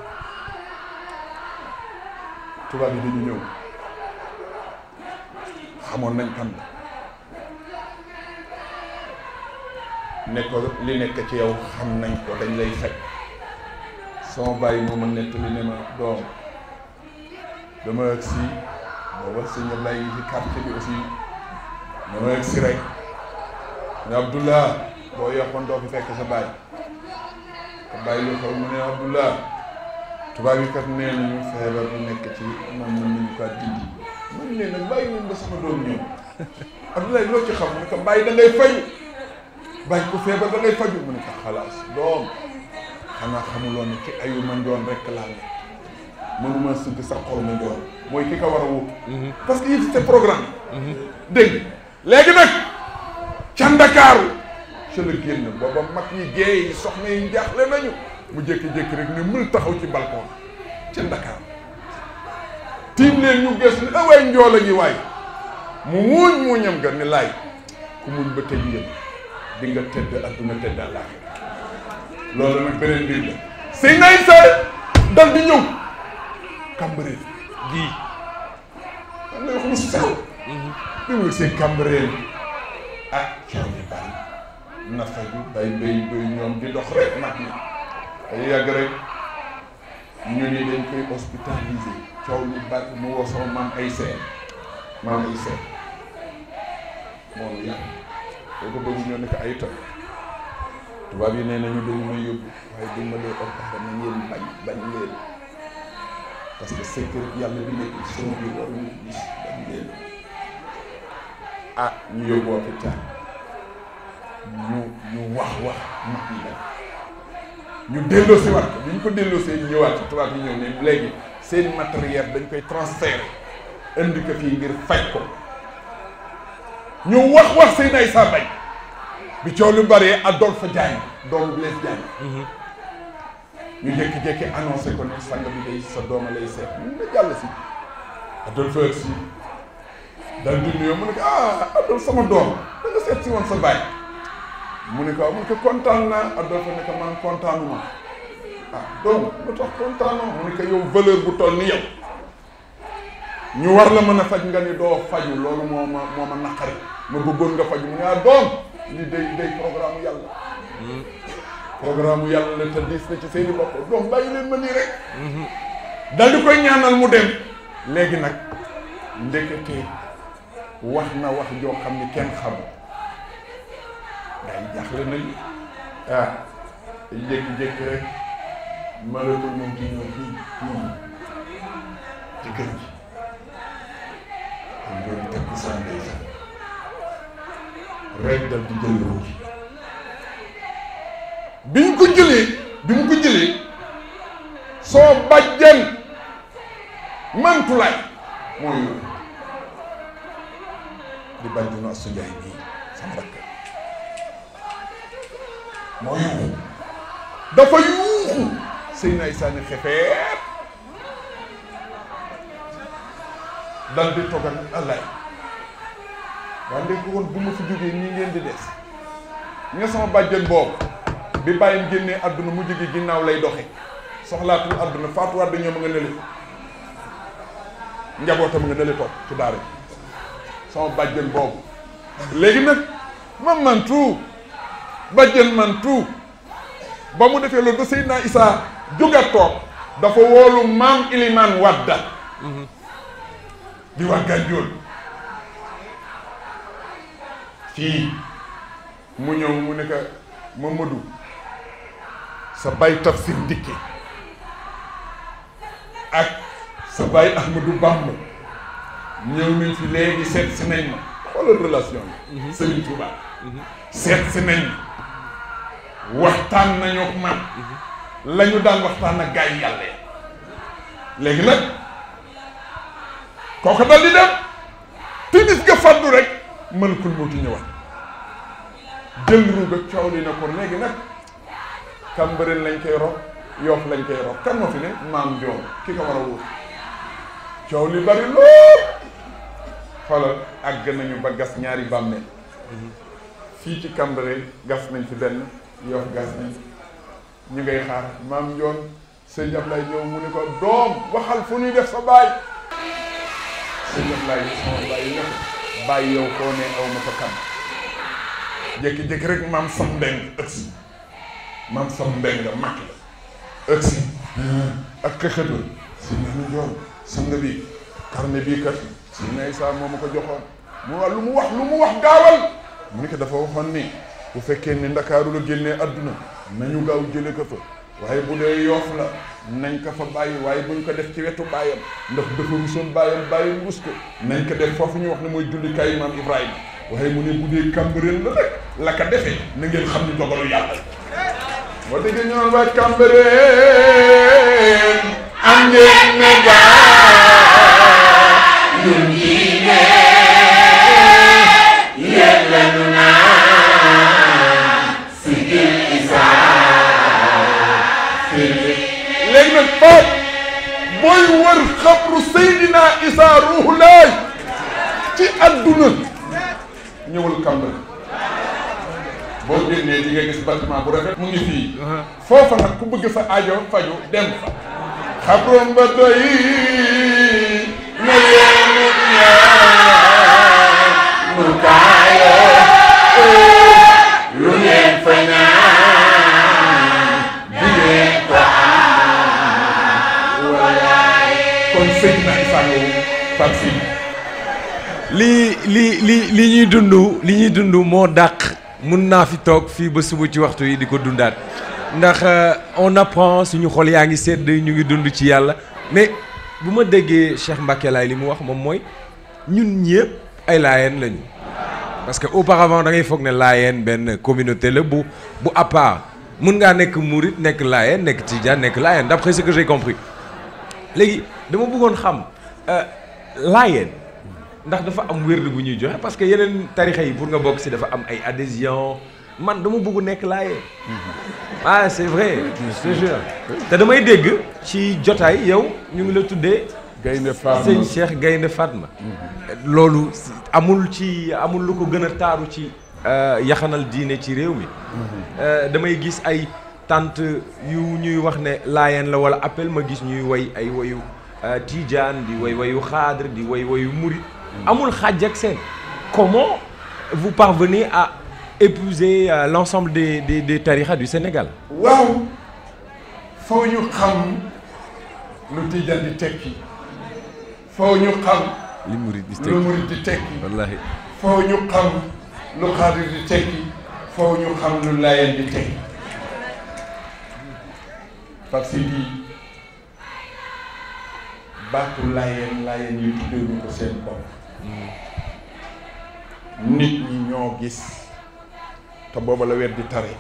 tubaab yi dañu ñëw xamoon nañ kan la. ne ko li nekk ci yow xam nañ ko dañ lay faj sama bàyyi moom a nekk li ne ma doom dama si booba sëñ Ablaye yi ci carte bi aussi mënoo egg si rek ne Abdullah boo yokkoon doo fi fekk sa baay sa baay lu xew mu ne Abdullah tubaab yi kat nee nañu feebar bu nekk ci moom mën nañu ko dindi mën ne nag bàyyi moom ba sama doom ñëw Abdullah loo ci xam mu ne ko bàyyi da ngay faju bàyyi ko feebar da ngay faju mu ne ko xalaas doom xanaa xamuloon ne ci ayu man doon rek laa ne mënuma sëgg sa xol ma doon mooy ki ko war a wut mhm. parce que yëpp c'est programme mhm. dégg léegi nag ca Ndakaaru ca la génn booba mag yi géey soxna yi jaaxle nañu mu jékki-jékki rek ne mul taxaw ci balcon ca Ndakaaru tiim leen ñu gës ni awaay njool a ngi waay mu muuñ muuñam nga ni laay ku muñ ba tey yëpp di nga tëdd adduna tëdd àllaaxira loolu nag beneen mbir la si nay sa dal di ñëw Cambérène gii ah, am na xul bi bay bay bay ñoom di dox rek mag ñi ay yàgg rek ñu ni dañ koy hospitalisé coow li bari mu woo sama ay seen maam ay seen moom yàq boo ko bëgg ñoo nekk ay tëb tubaab yi nee nañu dañu may yóbbu waaye duñ ma dee opéré nañ ngeen bañ bañ leen parce que secret yàlla bi nekk ci sama biir war nañu gis dañ ah ñu yóbbu hôpital wax wax nit ko ñu ko delloosee ñëwaat ci tubaab yi ñëw ne léegi seen matériel dañ koy transférer indi ko fii ngir faj ko ñu wax wax seen ay saa bay bi coow lu bëree Adolphe Diagne doomu Blaise Diagne mhm. ñu jékki-jékki annoncé ko ne sang bi day sa dooma lay seet ñu ne jàll si Adolphe heure si dal di nuyoo mu ne ko ah Adolphe sama doom da nga seet si woon sa baay mu ne ko mu ne ko kontaan naa Adolphe ne ko man kontaanuma ah doom valeur bu toll ni yow ñu war la mën a faj nga ni doo faju loolu moo ma moo ma naqari ma bëggoon nga faju mu ne ah, doom li day day programme yàlla hmm. programme yàlla la te na ci seen i mbokk donc bàyyi ma nii rek. Mhm. dal di koy ñaanal mu dem. léegi nag ndekete wax na wax joo xam ni kenn xamul day jaaxle nañu ah jékki-jékki rek malheureux moom ci ñoom fii ci kër gi. am dal di jël ruuj. bi ñu ko jëlee bi mu ko jëlee soo bàjjan mantulaay mooy yow di bàjjanu Astu bii sama rakk mooy yow dafa yuuxu sëy naay sànni xefeet dal di toggal allay waaye léegi woon bu ma fi jógee nii ngeen di des nga sama bàjjan boobu bi bàyyim génnee àdduna mujj gi ginnaaw lay doxe soxlaatul àdduna faatuwaat dañoo ma nga nële njabootam nga nële toog ci daara sama bàjjen boobu léegi nag ma mantu bàjjen mantu ba mu defee loolu ba Seydina Isaa jóg a toog dafa woolu maam ilimaan wadda di waa Gànjool fii mu ñëw mu ne ko Mamadou sa bay tafsir ndikki ak sa bay Ahmadou Bamba ñëw nañ fi léegi seet si nañ ma xoolal relation bi mhm. Serigne Touba seet si nañ ma waxtaan nañu ak man mhm. lañu daan waxtaan ak gars yi yàlla ya léegi nag kooku dal di dem timis nga rek mën kul mootu ñëwaat jël ruuga coow li na ko léegi nag Cambérène lañ koy rob Yoff lañ koy rob kan moo fi ne maam Joon ki ko coow li bari lool xoolal àgg nañu ba gas ñaari bàmmeel fii ci Cambérène gas nañ fi benn Yoff gas nañ ñu ngay xaar maam Joon sëñ Ablaye ñëw mu ne ko doom waxal fu ñuy def sa baay sëñ Ablaye sama baay yi baay yow koo ne aw ma ko kan jékki-jékki rek maam sax ndeng man sam mbéy nga la. ëgsi ak këkët la si nañu joor sang bi carnet bii kat si nay saa moo ma ko joxoon mu wax lu mu wax lu mu wax gaawal mu ni ko dafa waxoon ni bu fekkee ni ndakaaru la génnee adduna nañu gaaw jële ko fa waaye bu dee yoof la nañ ko fa bàyyi waaye buñ ko def ci wetu bàyyam ndax dafa rusoon bàyyam bàyyam rus ko nañ ko def foofu ñu wax ne mooy jullikaayu maam Ibrahima waaye mu ne bu dee Cambérène la rek la ko defee na xam ni dogalu moo dégg ñu naan waa Cambérène am ngeen ne baa ñun la ñu naan Sidil Issa léegi nag Pape booy wër xabru Seydina Issa Ruuhu Laay ci adduna ñëwal Cambérène duggee di nga gis mu ngi fii uh-huh. li ñuy dund li ñuy dund moo dàq mun naa fi toog fii ba suba ci waxtu yi di ko dundaat ndax euh, on apprend suñu xol yaa ngi sedd ñu ngi dund ci yàlla mais bu ma déggee Cheikh Mbacké li mu wax moom mooy ñun ñëpp ay laayeen lañu parce que auparavant da ngay foog ne laayeen benn communauté la bu bu à part mun ngaa nekk murit nekk laayeen nekk tijaan nekk laayeen d'après ce que j'ai compris léegi dama bëggoon xam euh, layen ndax dafa am wérd bu ñuy joxe parce que yeneen tarixa yi pour nga bokk si dafa am ay adhésion man dama bugg nekk laayee mhm. ah c'est vrai te damay dégg ci jotaay yow ñu ngi la tuddee gaynde Fatma sëñ gaynde Fatma mhm. loolu amul ci amul lu ko gën a taaru ci euh, yaxanal diine ci réew mi mhm. euh, damay gis ay tant yu ñuy wax ne laayeen la wala appel ma gis ñuy woy ay woyu euh, tijaan di woy wayu xaadar di woy woyu murit amul xaaj ak seen comment vous parvenez à épuiser euh, l'ensemble des des tarixa du Sénégal. waaw foo ñu xam lu tijaan di tekki foo ñu xam. li murid di tekki lu murid di tekki. wallaahi foo ñu xam lu xaadir di tekki foo ñu xam lu laayeen di tekki parce que baatu laayeen laayeen yu tuddee ñu ko seen bopp. nit ñi ñoo gis te booba la weer di tare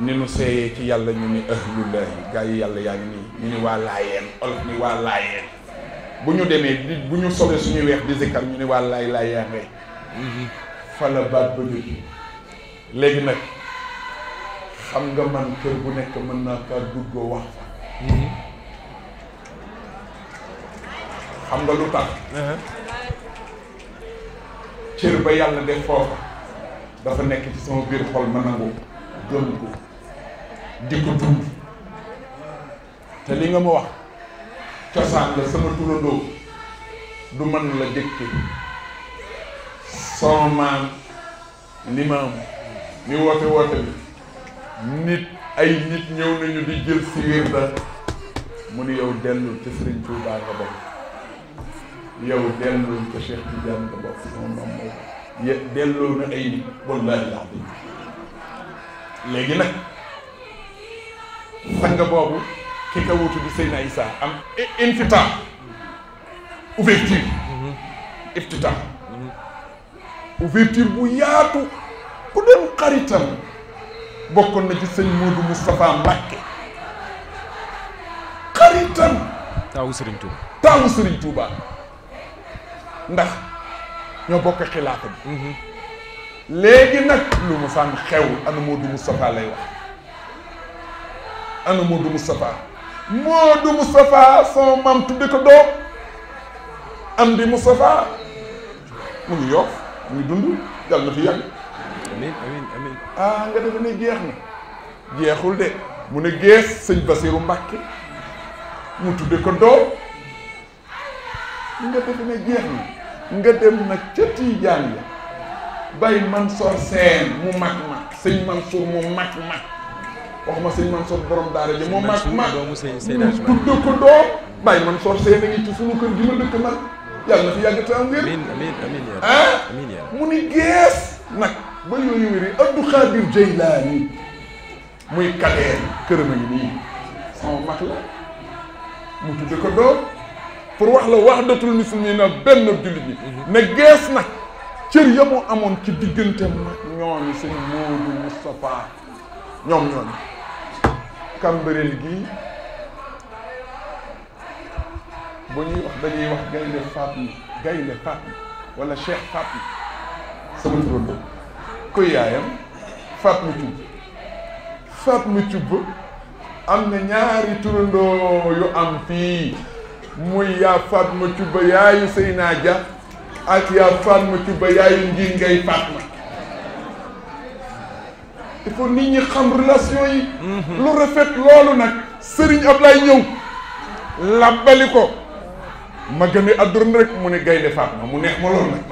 ni nu seeyee ci yàlla ñu ni ahlullahi gaa yi yàlla yaa ngi nii ñu ni waa laayeen olof ni waa laayeen bu ñu demee di bu ñu solee suñu weex di zikkar ñu ni waa laay laayeen rek mhm. fa baat ba léegi nag xam nga man kër bu nekk mën na kaa duggoo wax mhm. xam nga lu tax uh-huh. cër ba yàlla def foofa dafa nekk ci sama biir xol ma nangu gëm ko di ko dund te li nga ma wax cosaan la sama turandoo du mën la dëkke sama maam limaam woote woote bi nit ay nit ñëw nañu di jël si wiir da mu ni yow dellu ci Sëriñ Tuubaa nga bokk yow delloo ko Cheikh Tidiane nga bokk moom moom mooy delloo na ay wallaahi laa dégg léegi nag sang boobu ki ka wutu di Seyna Issa am infitaa ouverture mm-hmm. iftitaa mm-hmm. ouverture bu yaatu ku doon xaritam bokkoon na ci sëñ Modou Moustapha Mbacke xaritam taawu Serigne Touba ndax ñoo bokk xilaafa bi léegi nag lu mu sànn xew ana Moodu Moustapha lay wax ana Moodu Moustapha Moodu ko am mu ngi yoof mu ngi dund yàlla na fi yàgg ah nga defe ne jeex na jeexul de mu ne gees sëñ Basiru Mbàkke mu tudde ko doom lépp fi ne jeex nga dem nag ca tiijaan ya bay Mansoor Seen mu mag mag sëñ Mansour mu mag mag wax ma sëñ Mansour borom daara ji mu mag mag mu tudd ko doom bay Mansoor Seen a ngi ci kër gi ma dëkk man yàlla na fi yàgg te am ah? mu ni gees nag ba yooyu wéri Abdou Khadir Jeylaani muy kadeer këram a ngi nii sama mag la mu tudd ko doom pour wax la wahdatul muslimina benn jullit ñi mhm. ne gees nag cër ya amoon ci diggante mag ñooñu sëñ Moodu Moustapha ñoom ñooñu Cambérène gii bu ñuy wax dañuy wax gaynde Fatma gaynde Fatma wala Cheikh Fatma sama turando koy yaayam Fatma Thioub Fatma Thioub am na ñaari turandoo yu am fii muy yaa Fatma Cuba yaayu Seyna Dia ak yaa Fatma Cuba yaayu njiit ngay Fatma il faut nit ñi xam relation yi mhm. lu rafet loolu nag Sëriñ Ablaay ñëw labbali ko ma gën a àdduna rek mu ne gaynde Fatma mu neex ma loolu nag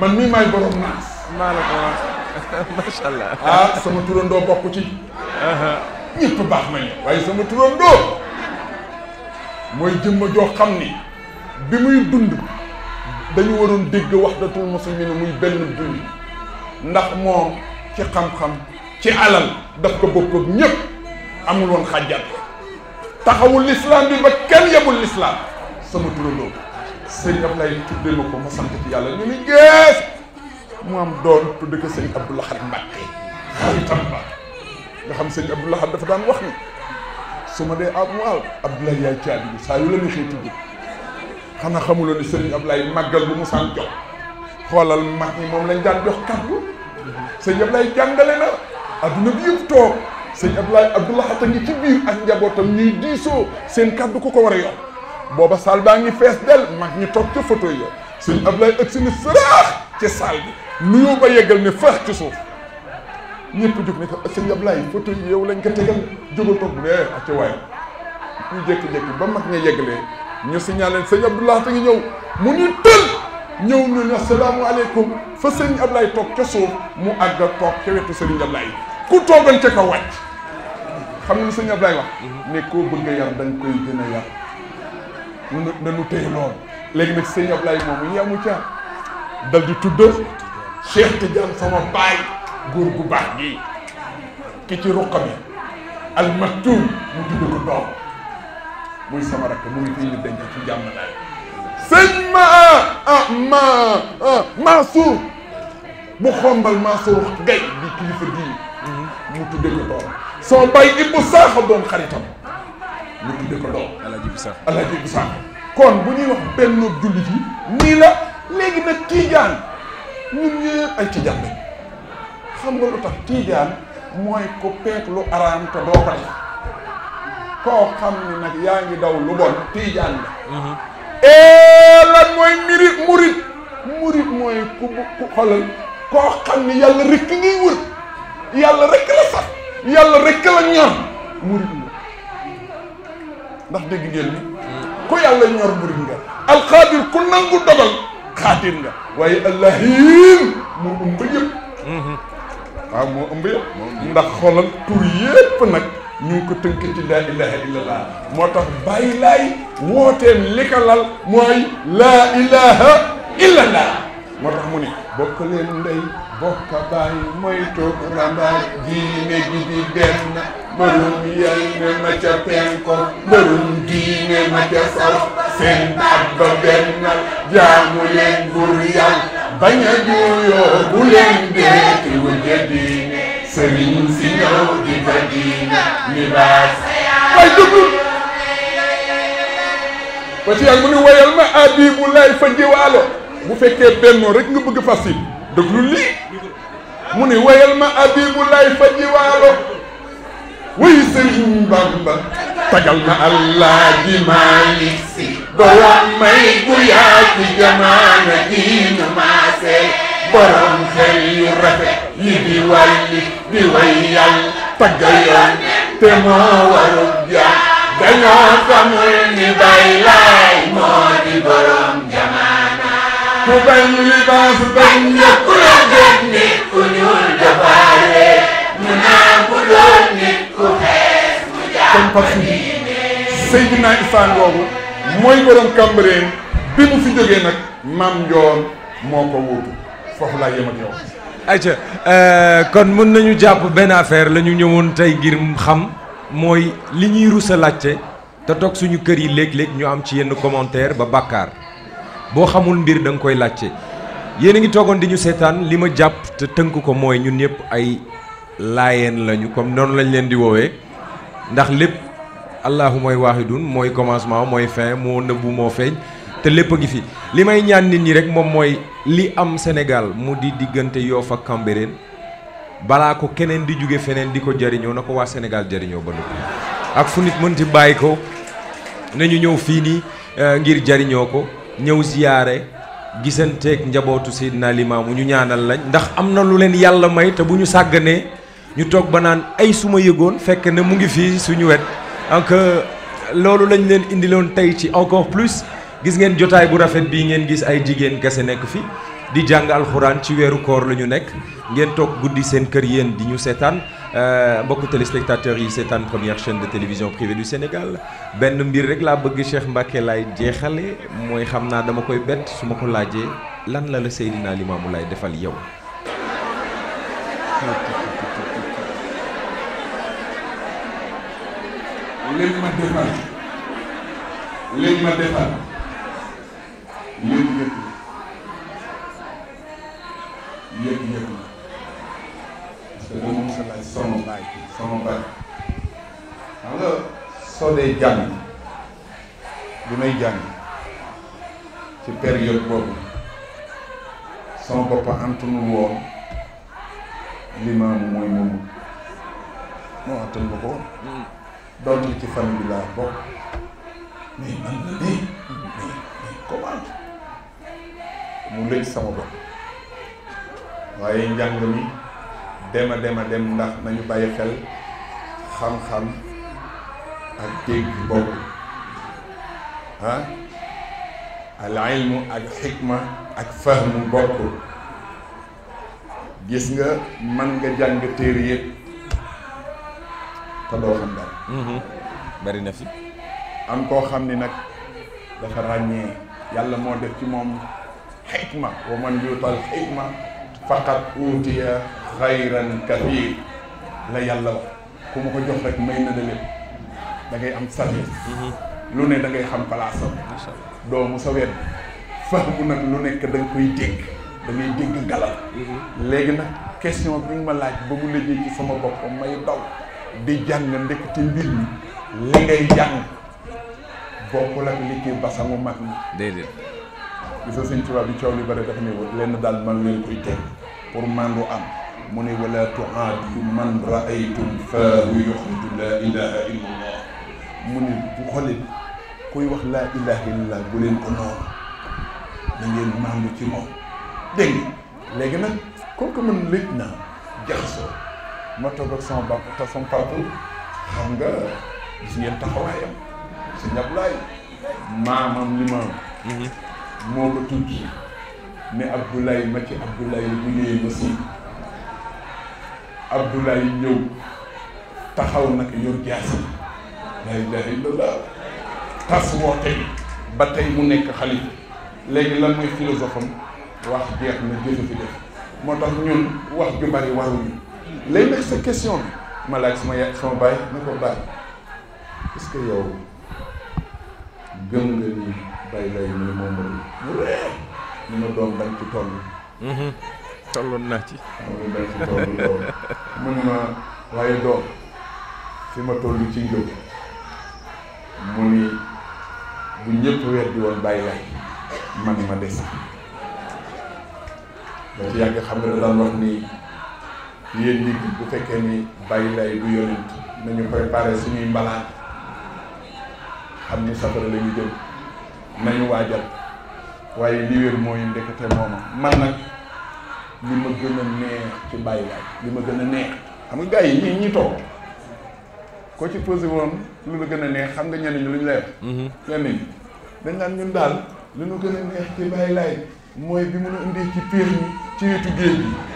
man mii maay borom naas macha allah ah sama turandoo bokk ci. ñëpp baax nañu waaye sama turandoo mooy jëmma joo xam ni bi muy dund dañu waroon dégg wahdatul muslimin muy benn dund ndax moom ci xam-xam ci alal daf ko bokk ak ñëpp amul woon xàjjat taxawul lislaam bi ba kenn yebul lislaam sama turandoo sëñ Ablaye tuddee ma ko ma sant ci yàlla ñu ni gees mu am doon tudd ko sëñ Abdou Lahad Mbacke xaritam ba nga xam dafa daan wax ni su ma dee ab mu al Abdoulaye yaay caabi bi saa yu la neexee tudd xanaa xamuloo ni sëñ Abdoulaye màggal bu mu saan jox xoolal mag ñi moom lañ daan jox kàddu sëñ Abdoulaye jàngale na adduna bi yëpp toog sëñ Abdoulaye Abdou Lahad a ngi ci biir ak njabootam ñuy diisoo seen kàddu ko ko war a yor booba saal baa ngi fees del mag ñi toog ca photo yi sëñ Abdoulaye ëgg si ni sëraax ci saal bi nuyoo ba yeggal ne fa ci suuf ñëpp jóg ne ko sëñ Ablaye photo yow lañ ko tegal jógal toog bu dee ak ci waay ñu jékki-jékki ba mag ña yeggalee ñu signalé sëñ Abdoulaye te ngi ñëw mu ñëw ñu ne asalaamaaleykum fa sëñ Ablaye toog ca suuf mu àgg toog ca wetu sëñ Ablaye ku toogan ca kaw wàcc xam nga sëñ Ablaye wax mhm. ne bëgg a yar koy gën a yar nanu nanu téye lool léegi nag sëñ Ablaye moomu yamu ca dal di tudd Cheikh Tidiane sama baay góor gu baax gi ki ci ruqa bi al maktum mu tudd ko doom muy sama rakk mu ngi fii ñu denc ci jàmm naay sëñ ma ah ma ah, Mansour bu xombal Mansour gay di kilifa gi mu tudde ko doom sama baay Ibou Sakho doon xaritam mu tudde ko doom Alaaji Ibou Sakho Alaaji Ibou Sakho kon bu ñuy wax benn jullit yi nii la léegi nag Tidiane ñun ñëpp ay tijaan lañ xam nga lu tax tijaan mooy ku peek lu araam te doo ko koo xam ne nag yaa ngi daw lu bon tijaan la mm-hmm. ee eh, mooy mirit murit murit mooy ku ku koo xam ne yàlla rekk ngay wër yàlla rekk la sax yàlla rekk la ñor murit nga ndax dégg ngeen ni mm-hmm. ku yàlla ñor murit nga alxaadir ku nangu dogal xaatir nga waaye allahim moo ëmb yëpp mhm. waaw moo ëmb yëpp ndax xoolal tur yëpp nag ñu ngi ko tënk ci laa ilaha illallah moo tax bàyyi laay wooteem li ko lal mooy laa ilaha illallah moo tax mu ne bokk leen baay mooy toog rambaaj diine gi di benn mbërum yàlla ma penko mbërum diine ma ca seen at ba benn jaamu leen bur yàlla bañ a juuyoo bu leen diine sëriñ si ñëw di fa diina libaas way dugg ba mu ne woyal ma abibu lay fa jiwaalo bu fekkee bennoo rek nga bëgg fasil déglu lii mu ni wayal ma abibu lay faji waalo wayu sëriñ bamba tagal ma allah ji maani si borom may bu yaa ci jamaana maase borom xel yu rafet yi di wàlli di way yàll tagga te moo waru jàmm dañoo xamul ni bay laay moo di borom ku bañ libaas bañ na ku la gën nit ku ñuul dafa mu naa bu doon nit ku xees mu jàpp ni Seydina Issa Ndiobo mooy borom Cambérène bi mu fi jógee nag maam Njoon moo ko wuutu foofu laa yem ak yow. ayca euh, kon mën nañu jàpp benn affaire lañu ñëwoon tey ngir xam mooy li ñuy rus a laajte te toog suñu kër yi léeg-léeg ñu am ci yenn commentaire ba bàkkaar boo xamul mbir da koy laajte yéen a ngi toogoon di ñu seetaan li ma jàpp te tënk ko mooy ñun ñëpp ay laayeen lañu comme noonu lañ leen di woowee ndax lépp allahu mooy waahidun mooy commencement mooy fin moo nëbbu moo feeñ te lépp a ngi fi li may ñaan nit ñi rek moom mooy li am Sénégal mu di diggante Yoff ak Cambérène balaa ko keneen di jóge feneen di ko jëriñoo na ko waa Sénégal jëriñoo ba noppi ak fu nit mën ci bàyyi ko nañu ñëw fii nii eh, ngir jëriñoo ko ñëw ziyaare gisanteeg njabootu Seydina Limaamu ñu ñaanal lañ ndax am na lu leen yàlla may te bu ñu sàgganee ñu toog ba naan ay su ma yëgoon fekk ne mu ngi fii suñu wet donc euh, loolu lañ leen indiloon tey ci encore plus gis ngeen jotaay bu rafet bii ngeen gis ay jigéen kese nekk fi di jàng alxuraan ci weeru koor la ñu nekk ngeen toog guddi seen kër yéen di ñu seetaan Euh, mbokku téléspectateurs yi seetaan première chaîne de télévision privée du Sénégal benn mbir rek laa bëgg Cheikh Mbacké laay jeexale mooy xam naa dama koy bett su ma ko laajee lan la la Seydina Limaamu Laay defal yow. defal leen te du sama baay sama nga soo jàng du may jàng ci période boobu sama bopp antunul woon limaamu mooy moomu moo antan ba ko woon doon li ci famille bi laa bokk mais man mu lëj sama bopp waaye njàng mi dem a dem a dem ndax nañu bàyyi xel xam-xam ak dégg boobu ah? al ilmu ak xikma ak fahmu bokk gis nga man nga jàng téere yëpp te xam dara mm-hmm. bari na fi am koo xam ni nag dafa ràññee yàlla moo def ci moom xikma wa man yuutal xikma faqat uutiya xayran kathir la yàlla wax ku ma ko jox rek may na la lépp am sagesse mhm. lu ne da ngay xam palaasam doomu sa wet fahmu nag lu nekk da nga koy dégg da dégg galal mhm. léegi nag question bi nga ma laaj ba mu lëjee ci sama boppam may daw di jàng ndekk ci mbir mi li ngay jàng bokkul ak li ci basangu mag mi bi fa sëñ tubaab bi coow li bari dafa ne woon lenn daal man leen koy am mu ne wala tuaadu man raaytum faahu yuxriju laa ilaha illa allah mu ne bu xolit kuy wax laa ilaha illallah bu leen ko noonu da ngeen mandu ci moom dégg léegi nag comme que man léegi naa jaxasoo ma toog ak sama bàpp te sama papa xam nga gis ngeen taxawaayam sa ñablaay moo ko tudd ne Abdoulaye ma ci Abdoulaye liggéey ma si Abdoulaye ñëw taxaw nag yor jaasi la ilaha illallah tas woote ba tey mu nekk xalifa léegi lan mooy philosophe am wax jeex na jëfe fi def moo tax ñun wax ju bari waruñu léegi nag sa question bi ma laaj sama ya sama bàyyi na ko bàyyi est yow gëm nga nii lay lay nii moom mu ree ñu ma doom dañ ci toll mhm. tolloon naa ci moom dañ ci toll loolu ma waaye doom ci njëw mu ni bu ñëpp weddi woon bàyyi man ma des da yàgg xam nga da wax ni yéen nit bu fekkee ni bàyyi lay du nañu préparé suñuy mbalaat xam ni safara la ñu jëm nañu waajal waaye li wér mooy ndekete mooma man nag li ma gën a neex ci bàyyi waaj li ma gën a neex xam nga gars yi ñii ñii toog ko ci posé woon lu la gën a neex xam nga ñenn ñi lu ñu lay wax. Mhm. ñenn ñi dañ naan ñun daal lu ñu gën a neex ci bàyyi mooy bi mun a indee ci piir ñi ci wetu géej gi.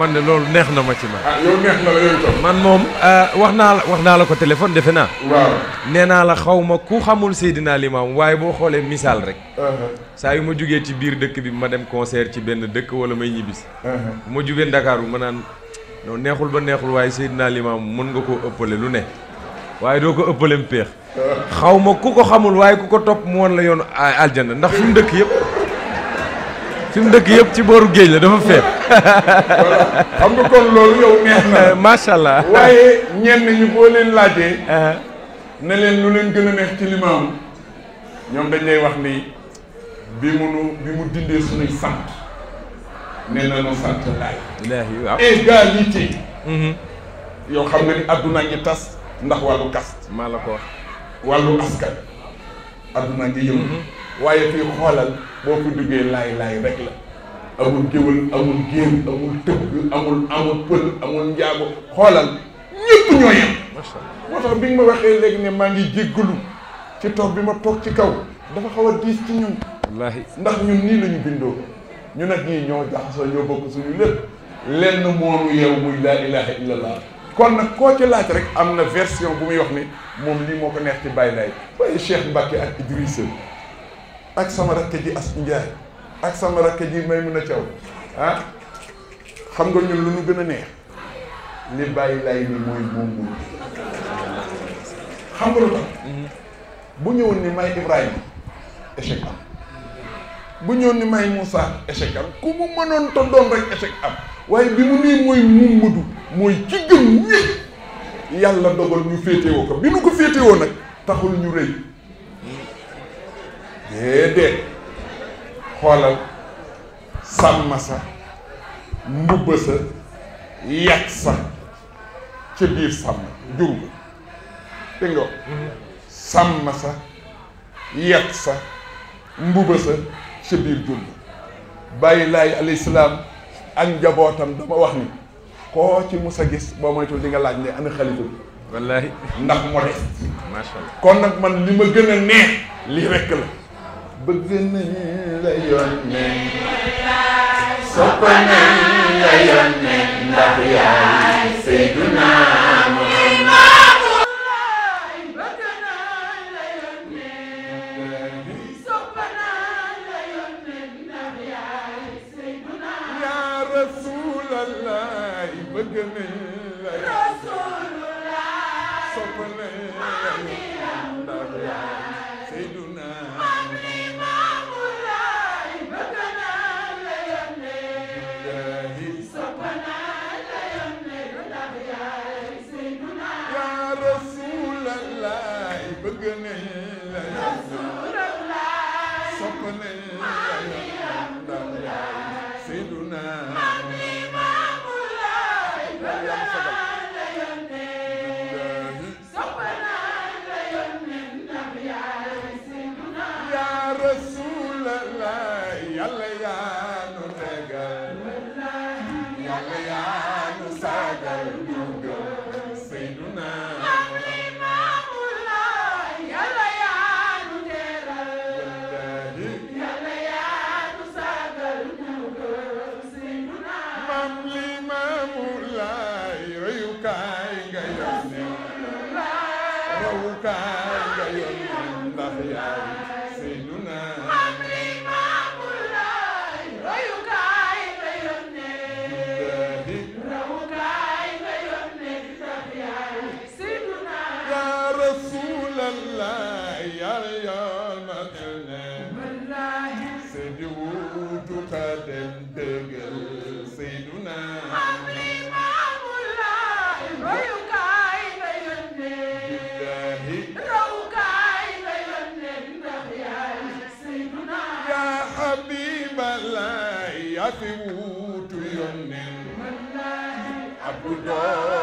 man de loolu neex na ma ci man. Ah, man moom euh, wax naa la wax naa la ko téléphone defe naa. waaw nee naa la xaw ma ku xamul Seydina Limaamu waaye boo xoolee misaal rek. Uh-huh. saa yu ma jugee ci biir dëkk bi ma dem concert ci benn dëkk wala may ñibbisi. Uh-huh. bu ma jugee Ndakaaru ma naan non neexul ba neexul waaye Seydina Limaamu mën nga koo ëppale lu ne waaye doo ko ëppaleem péex. Uh-huh. xaw ma ku ko xamul waaye ku ko topp mu woon la yoon aljanna ndax fi mu dëkk yëpp. fi mu dëkk yëpp ci booru géej la dafa feet xam nga kon loolu yow neex na macha allah waaye ñenn ñi boo leen laajee uh-huh. ne leen lu leen gën a neex ci limaam ñoom dañ lay wax ni bi mu nu bi mu dindee suñuy sant nee nu sant laay waaw mm-hmm. yow xam nga ni adduna ngi tas ndax wàllu kast maa la ko wax wàllu askan adduna ngi yëngu mm-hmm. waaye fii xoolal boo fi duggee laay laay rek la amul géwël amul géer amul tëgg amul amul pël amul njaago xoolal ñëpp ñoo yem moo tax bi nga ma waxee léegi ne maa ngi jéggalu ci toog bi ma toog ci kaw dafa xaw diis ci ñun wallaahi ndax ñun nii lañu bindoo ñu nag ñii ñoo jaxasoo ñoo bokk suñu lépp lenn moonu yeew muy laa ilaha illallah kon nag koo ci laaj rek am na version bu muy yox ni moom lii moo ko neex ci bàyyi laay waaye Cheikh Mbacke ak Idrissa ak sama rakk ji as njaay ak sama rakk ji may mun a caw ah xam nga ñun lu ñu gën a neex li bàyyi lay ni mooy buum xam nga lu tax mm-hmm. bu ñëwoon ni may Ibrahima échec am bu ñëwoon ni may Moussa échec am ku mu mënoon ta rek échec am waaye bi mu nii mooy Muhammadu mooy ci gën ñëpp yàlla dogal ñu féetewoo ko bi nu ko féetewoo nag taxul ñu rëy déedéet xoolal sàmm sa mbubba sa yàq sa ca biir sàmm jur nga dégg sàmm sa yàq sa mbuba sa ca biir jur bàyyi laay alayhi salaam ak njabootam dama wax ni koo ci mu a gis moo moytul di nga laaj ne ana xalifa ndax modeste macha kon nag man li ma gën a neex lii rekk la bëgg nañ la yónnee sopp nañ la yónnee ndax yaay Seydunaa Oh.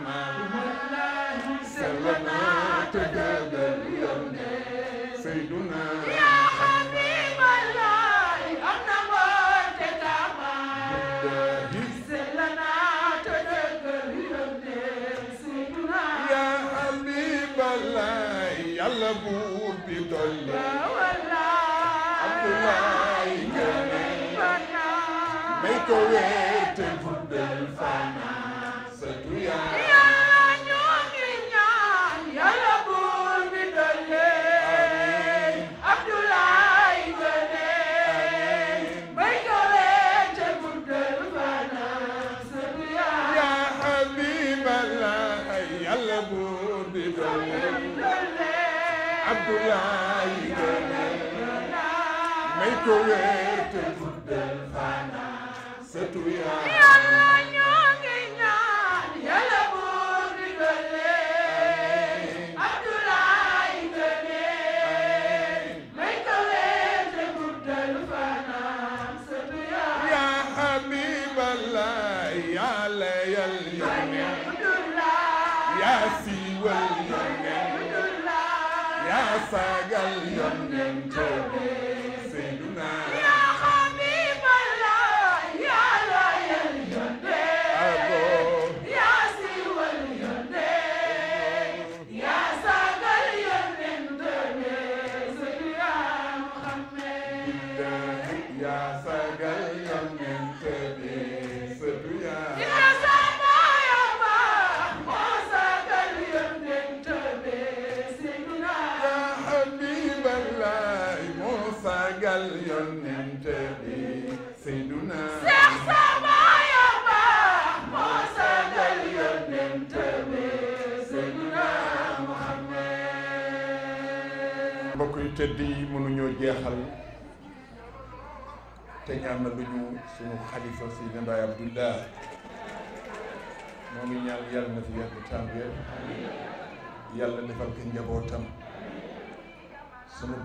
Mama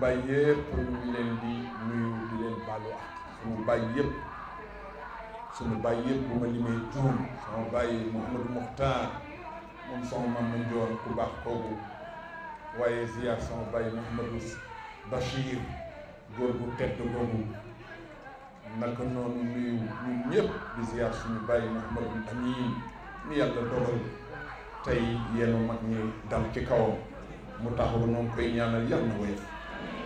bàyyi yëpp ñu leen di nuyu di leen baalu ak suñu bàyyi yëpp suñu bàyyi yëpp bu ma limee tuum sama bàyyi Mouhamadou Mokhtar moom sama man ma njoon ku baax koogu waaye ziar sama bàyyi Mouhamadou Bachir góor gu tedd googu naka noonu nuyu ñun ñëpp di ziar suñu bàyyi Mouhamadou Amin ni yàlla dogal tey yenn mag ñi dal ci kawam mu taxaw noonu koy ñaanal yàlla na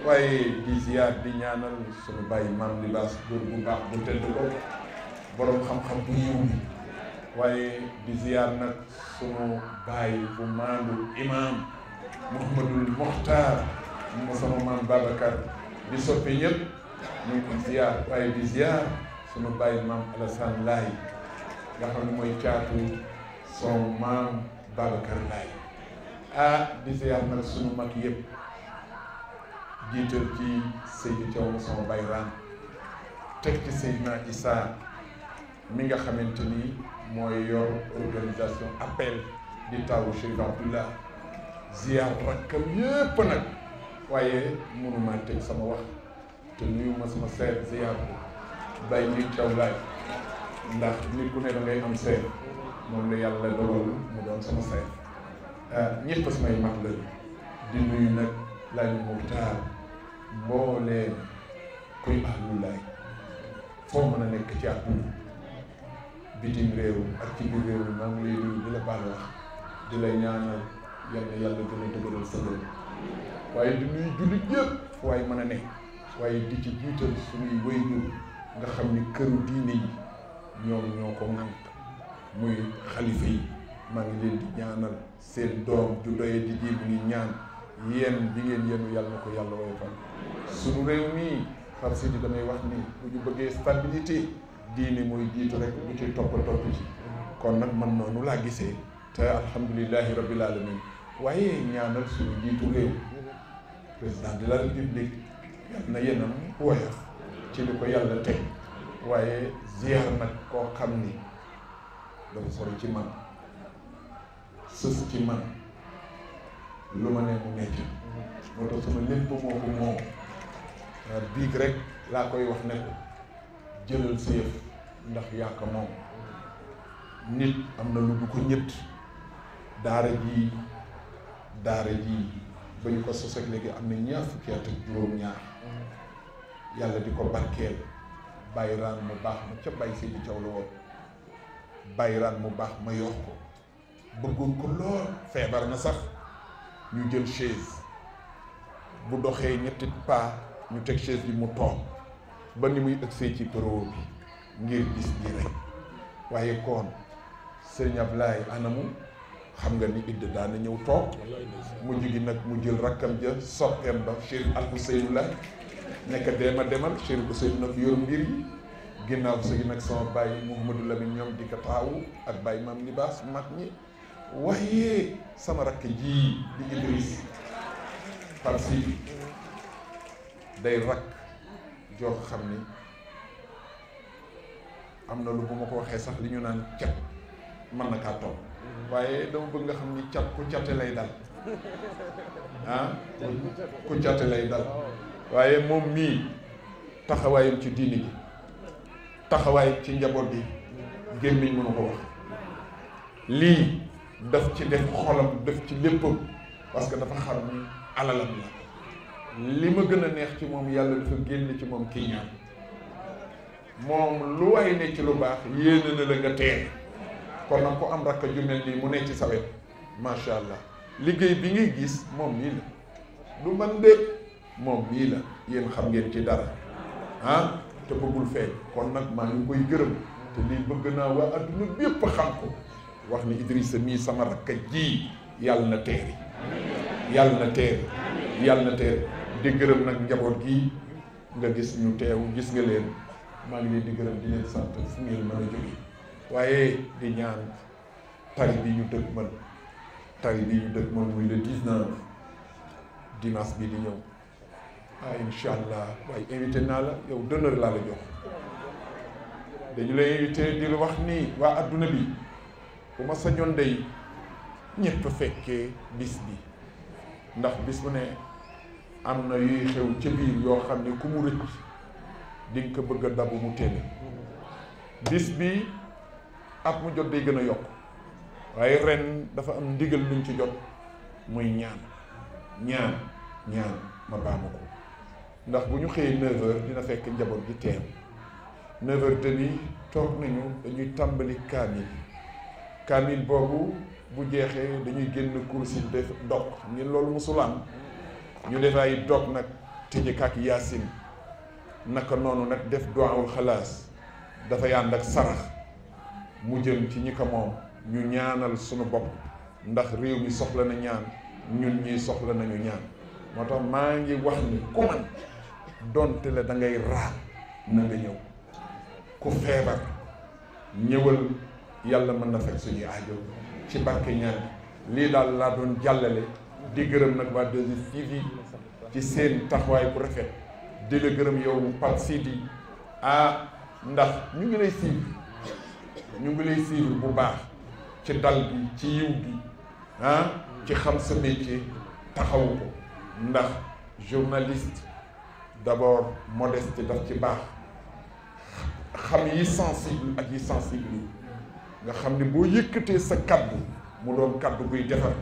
waaye di ziar di ñaanal suñu bàyyi maam libaas góor bu baax bu tëdd ko borom xam-xam bu yiw bi waaye di ziar nag suñu bàyyi bu maandu imaam Mouhamadul mu sama maam Babacar di soppe ñëpp ñu ngi ko ziar waaye di ziar suñu bàyyi maam Alassane Laye nga mooy caatu son maam Babacar Laye ah, di ziar nag suñu mag yëpp. jiital ci Seydou Thiaw sama bayran teg ci Seydina Issa mi nga xamante ni mooy yor organisation appel di tawu Cheikh Abdoullah ziar rakkam yépp nag waaye mënuma teg sama wax te nuyu ma sama seet ziar bay ñuy Thiaw laay ndax nit ku ne da am seet moom la yàlla dogal mu doon sama seet ah, ñëpp samay mag la di nuyu nag lañu Muxtaar mbooleem kuy ahlulaay foo mën a nekk ci àdduna bitim réew ak ci biir réew mi maa ngi lay nuyu di la baal wax di la ñaanal yal yàlla gën a sa loolu waaye di nuyu jullit yëpp fu mën a nekk waaye di ci jiital suñuy wéyjur nga xam ni këru diine yi ñoom ñoo ko ŋànk muy xalifa yi maa ngi leen di ñaanal seen doom ju doye di ji mu ñaan yéen bi ngeen yéenu yàlla na ko yàlla woyofal suñu réew mii far si di damay wax ni bu ñu bëggee stabilité diine mooy jiitu rek lu ci topp topp ci kon nag man noonu laa gisee te alhamdulilahi rabbil alamin waaye ñaanal suñu jiitu réew président de la république yàlla na yenam woyof ci li ko yàlla teg waaye ziar nag koo xam ni dafa sori ci man sës ci man lu ma ne mu nekk moo tax sama lépp moo ko moom biig rek laa koy wax ne jëlal sa yëf ndax yaa ko moom nit am na lu du ko ñett daara jii daara jii ba ñu ko sos léegi am na ñaar fukki at ak juróom-ñaar yàlla di ko barkeel bàyyi raan mu baax ma ca bàyyi Seydi Thiaw la woon bàyyi mu baax ma yox ko bëggoon ko lool feebar na sax ñu jël chaise bu doxee ñetti pas ñu teg chaise bi mu toog ba ni muy ëgsee ci bureau bi ngir gis di rek waaye kon sëñ Ablaay anamu xam nga ni idd daana ñëw toog mu jugi nag mu jël rakkam ja soppeem ba Chérif al Ousseynou la nekk ma demal Chérif Ousseynou nag yor mbir yi ginnaaw sëgi nag sama bàyyi Mouhamadou Lamine ñoom di ko taawu ak bàyyi maam libaas mag ñi waaye sama rakk ji di Idriss Palsi day rakk joo xam ni am na lu bu ma ko waxee sax li ñu naan cat mën na kaa toog waaye dama bëgg nga xam ni cat ku cate lay dal ah ku cate lay dal waaye moom mii taxawaayam ci diini gi taxawaay ci njaboot gi gémmiñ mënu ko wax lii daf ci def xolam daf ci léppam parce que dafa xam ni alalam la li ma gën a neex ci moom yàlla dafa génn ci moom kii ñaan moom lu way ne ci lu baax yéene na la nga teel kon nag ku am rakk ju mel nii mu nekk ci sa macha allah liggéey bi ngay gis moom mii la du man de moom mii la yéen xam ngeen ci dara ah te bëggul feeñ kon nag maa ngi koy gërëm te lii bëgg naa waa adduna bépp xam ko wax ni Idrissa mii sama rakka ji yàlla na teeri yàlla na teeri yàlla na teeri di gërëm nag njaboot gi nga gis ñu teew gis nga leen maa ngi leen di gërëm di leen sant fu ngeen mën a jóge waaye di ñaan tari bi ñu dëkk man tari bi ñu dëkk man muy le na dimanche bi di ñëw ah incha allah waaye invité naa la yow d'honneur laa la jox dañu lay invité di la wax nii waa adduna bi bu ma sañoon day ñëpp fekkee bis bi ndax bis bu ne am na yuy xew ca biir yoo xam ne ku mu rëcc di nga ko bëgg a dabu mu téene bis bi at mu jot day gën a yokk waaye ren dafa am ndigal luñ ci jot muy ñaan ñaan ñaan ma baamu ko ndax bu ñu xëyee neuf dina fekk njaboot gi teew neuf heures demi toog nañu dañuy tàmbali kaamil kaamil boobu bu jeexee dañuy génn course yi def dog xam ngeen loolu musulaan ñu def ay dog nag tëjee ak yaasin naka noonu nag def duwaawul xalaas dafa yànd ak sarax mu jëm ci ñi ko moom ñu ñaanal sunu bopp ndax réew mi soxla na ñaan ñun ñii soxla nañu ñaan moo tax maa ngi wax ni ku man donte la da ngay raam na nga ñëw ku feebar ñëwal yàlla mën na faj suñuy aajo ci barke ñaan lii daal laa doon jàllale di gërëm nag waa 2STV ci seen taxawaay bu rafet di la gërëm yow Pape Sidi ah ndax ñu ngi lay suivre ñu ngi lay suivre bu baax ci dal bi ci yiw bi ah ci xam sa métier taxaw ko ndax journaliste d'abord modeste daf ci baax xam yi sensible ak yi sensible nga xam ni boo yëkkatee sa kaddu mu doon kaddu buy defar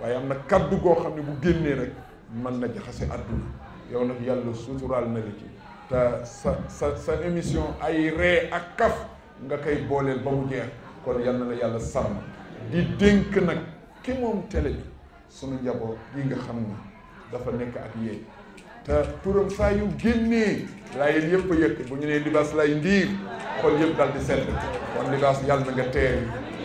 waaye am na kàddu goo xam ne bu génnee rek mën na jaxase àdduna yow nag yàlla suturaal na la ci te sa sa sa émission ay ree ak kaf nga koy booleel ba mu jeex kon yal na la yàlla sàmm di dénk nag ki moom télé bi sunu njaboot yi nga xam ni dafa nekk ak yéen te turam saa yu génnee laayeen yëpp a yëkk bu ñu nee libaas lay ndiir xol yëpp daal di sedd kon libaas yàlla na nga teer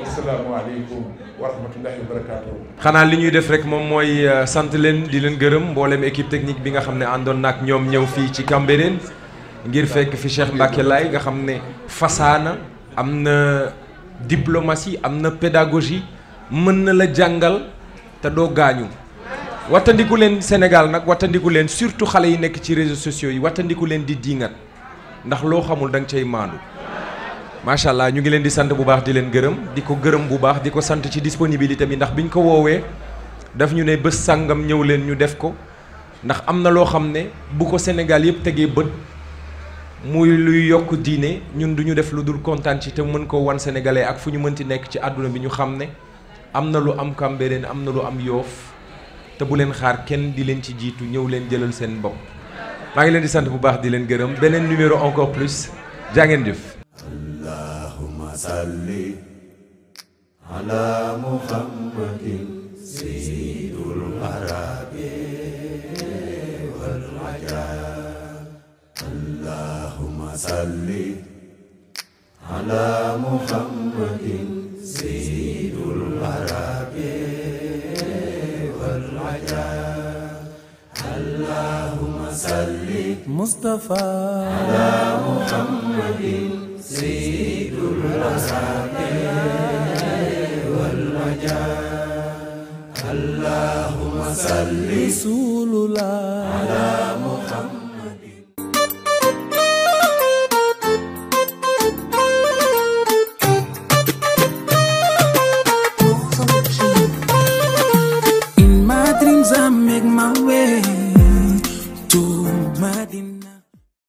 asalaamaaleykum wa rahmatullahi wa barakaatu. xanaa li ñuy def rek moom mooy euh, sant leen di leen gërëm mboolem équipe technique bi nga xam ne àndoon naag ñoom ñëw fii ci Cambérène ngir fekk fi Cheikh Mbacké Laye nga xam ne fasaana am na diplomatie am na pédagogie mën na la jàngal te doo gaañu. wattandiku leen Sénégal nag wattandiku leen surtout xale yi nekk ci réseau sociaux yi wattandiku leen di diingat ndax loo xamul da nga cay maandu macha allah ñu ngi leen di sant bu baax di leen gërëm di ko gërëm bu baax di ko sant ci disponibilité bi ndax bi ñu ko woowee daf ñu ne bés sàngam ñëw leen ñu def ko ndax am na loo xam ne bu ko Sénégal yëpp tegee bët muy luy yokk diine ñun duñu def lu dul kontaan ci te mën ko wan sénégalais ak fu ñu mënti nekk ci àdduna bi ñu xam ne am na lu am Cambérène am na lu am Yoff te bu leen xaar kenn di leen ci jiitu ñëw leen jëlal seen bopp maa ngi leen di sant bu baax di leen gërëm beneen numéro encore plus jaa ngeen muhammadin sayyidul arabi wal ajam allahumma salli ala muhammadin sayyidul arabi اللهم صل مصطفى على محمد سيد الرسائل والرجاء اللهم صل رسول الله على محمد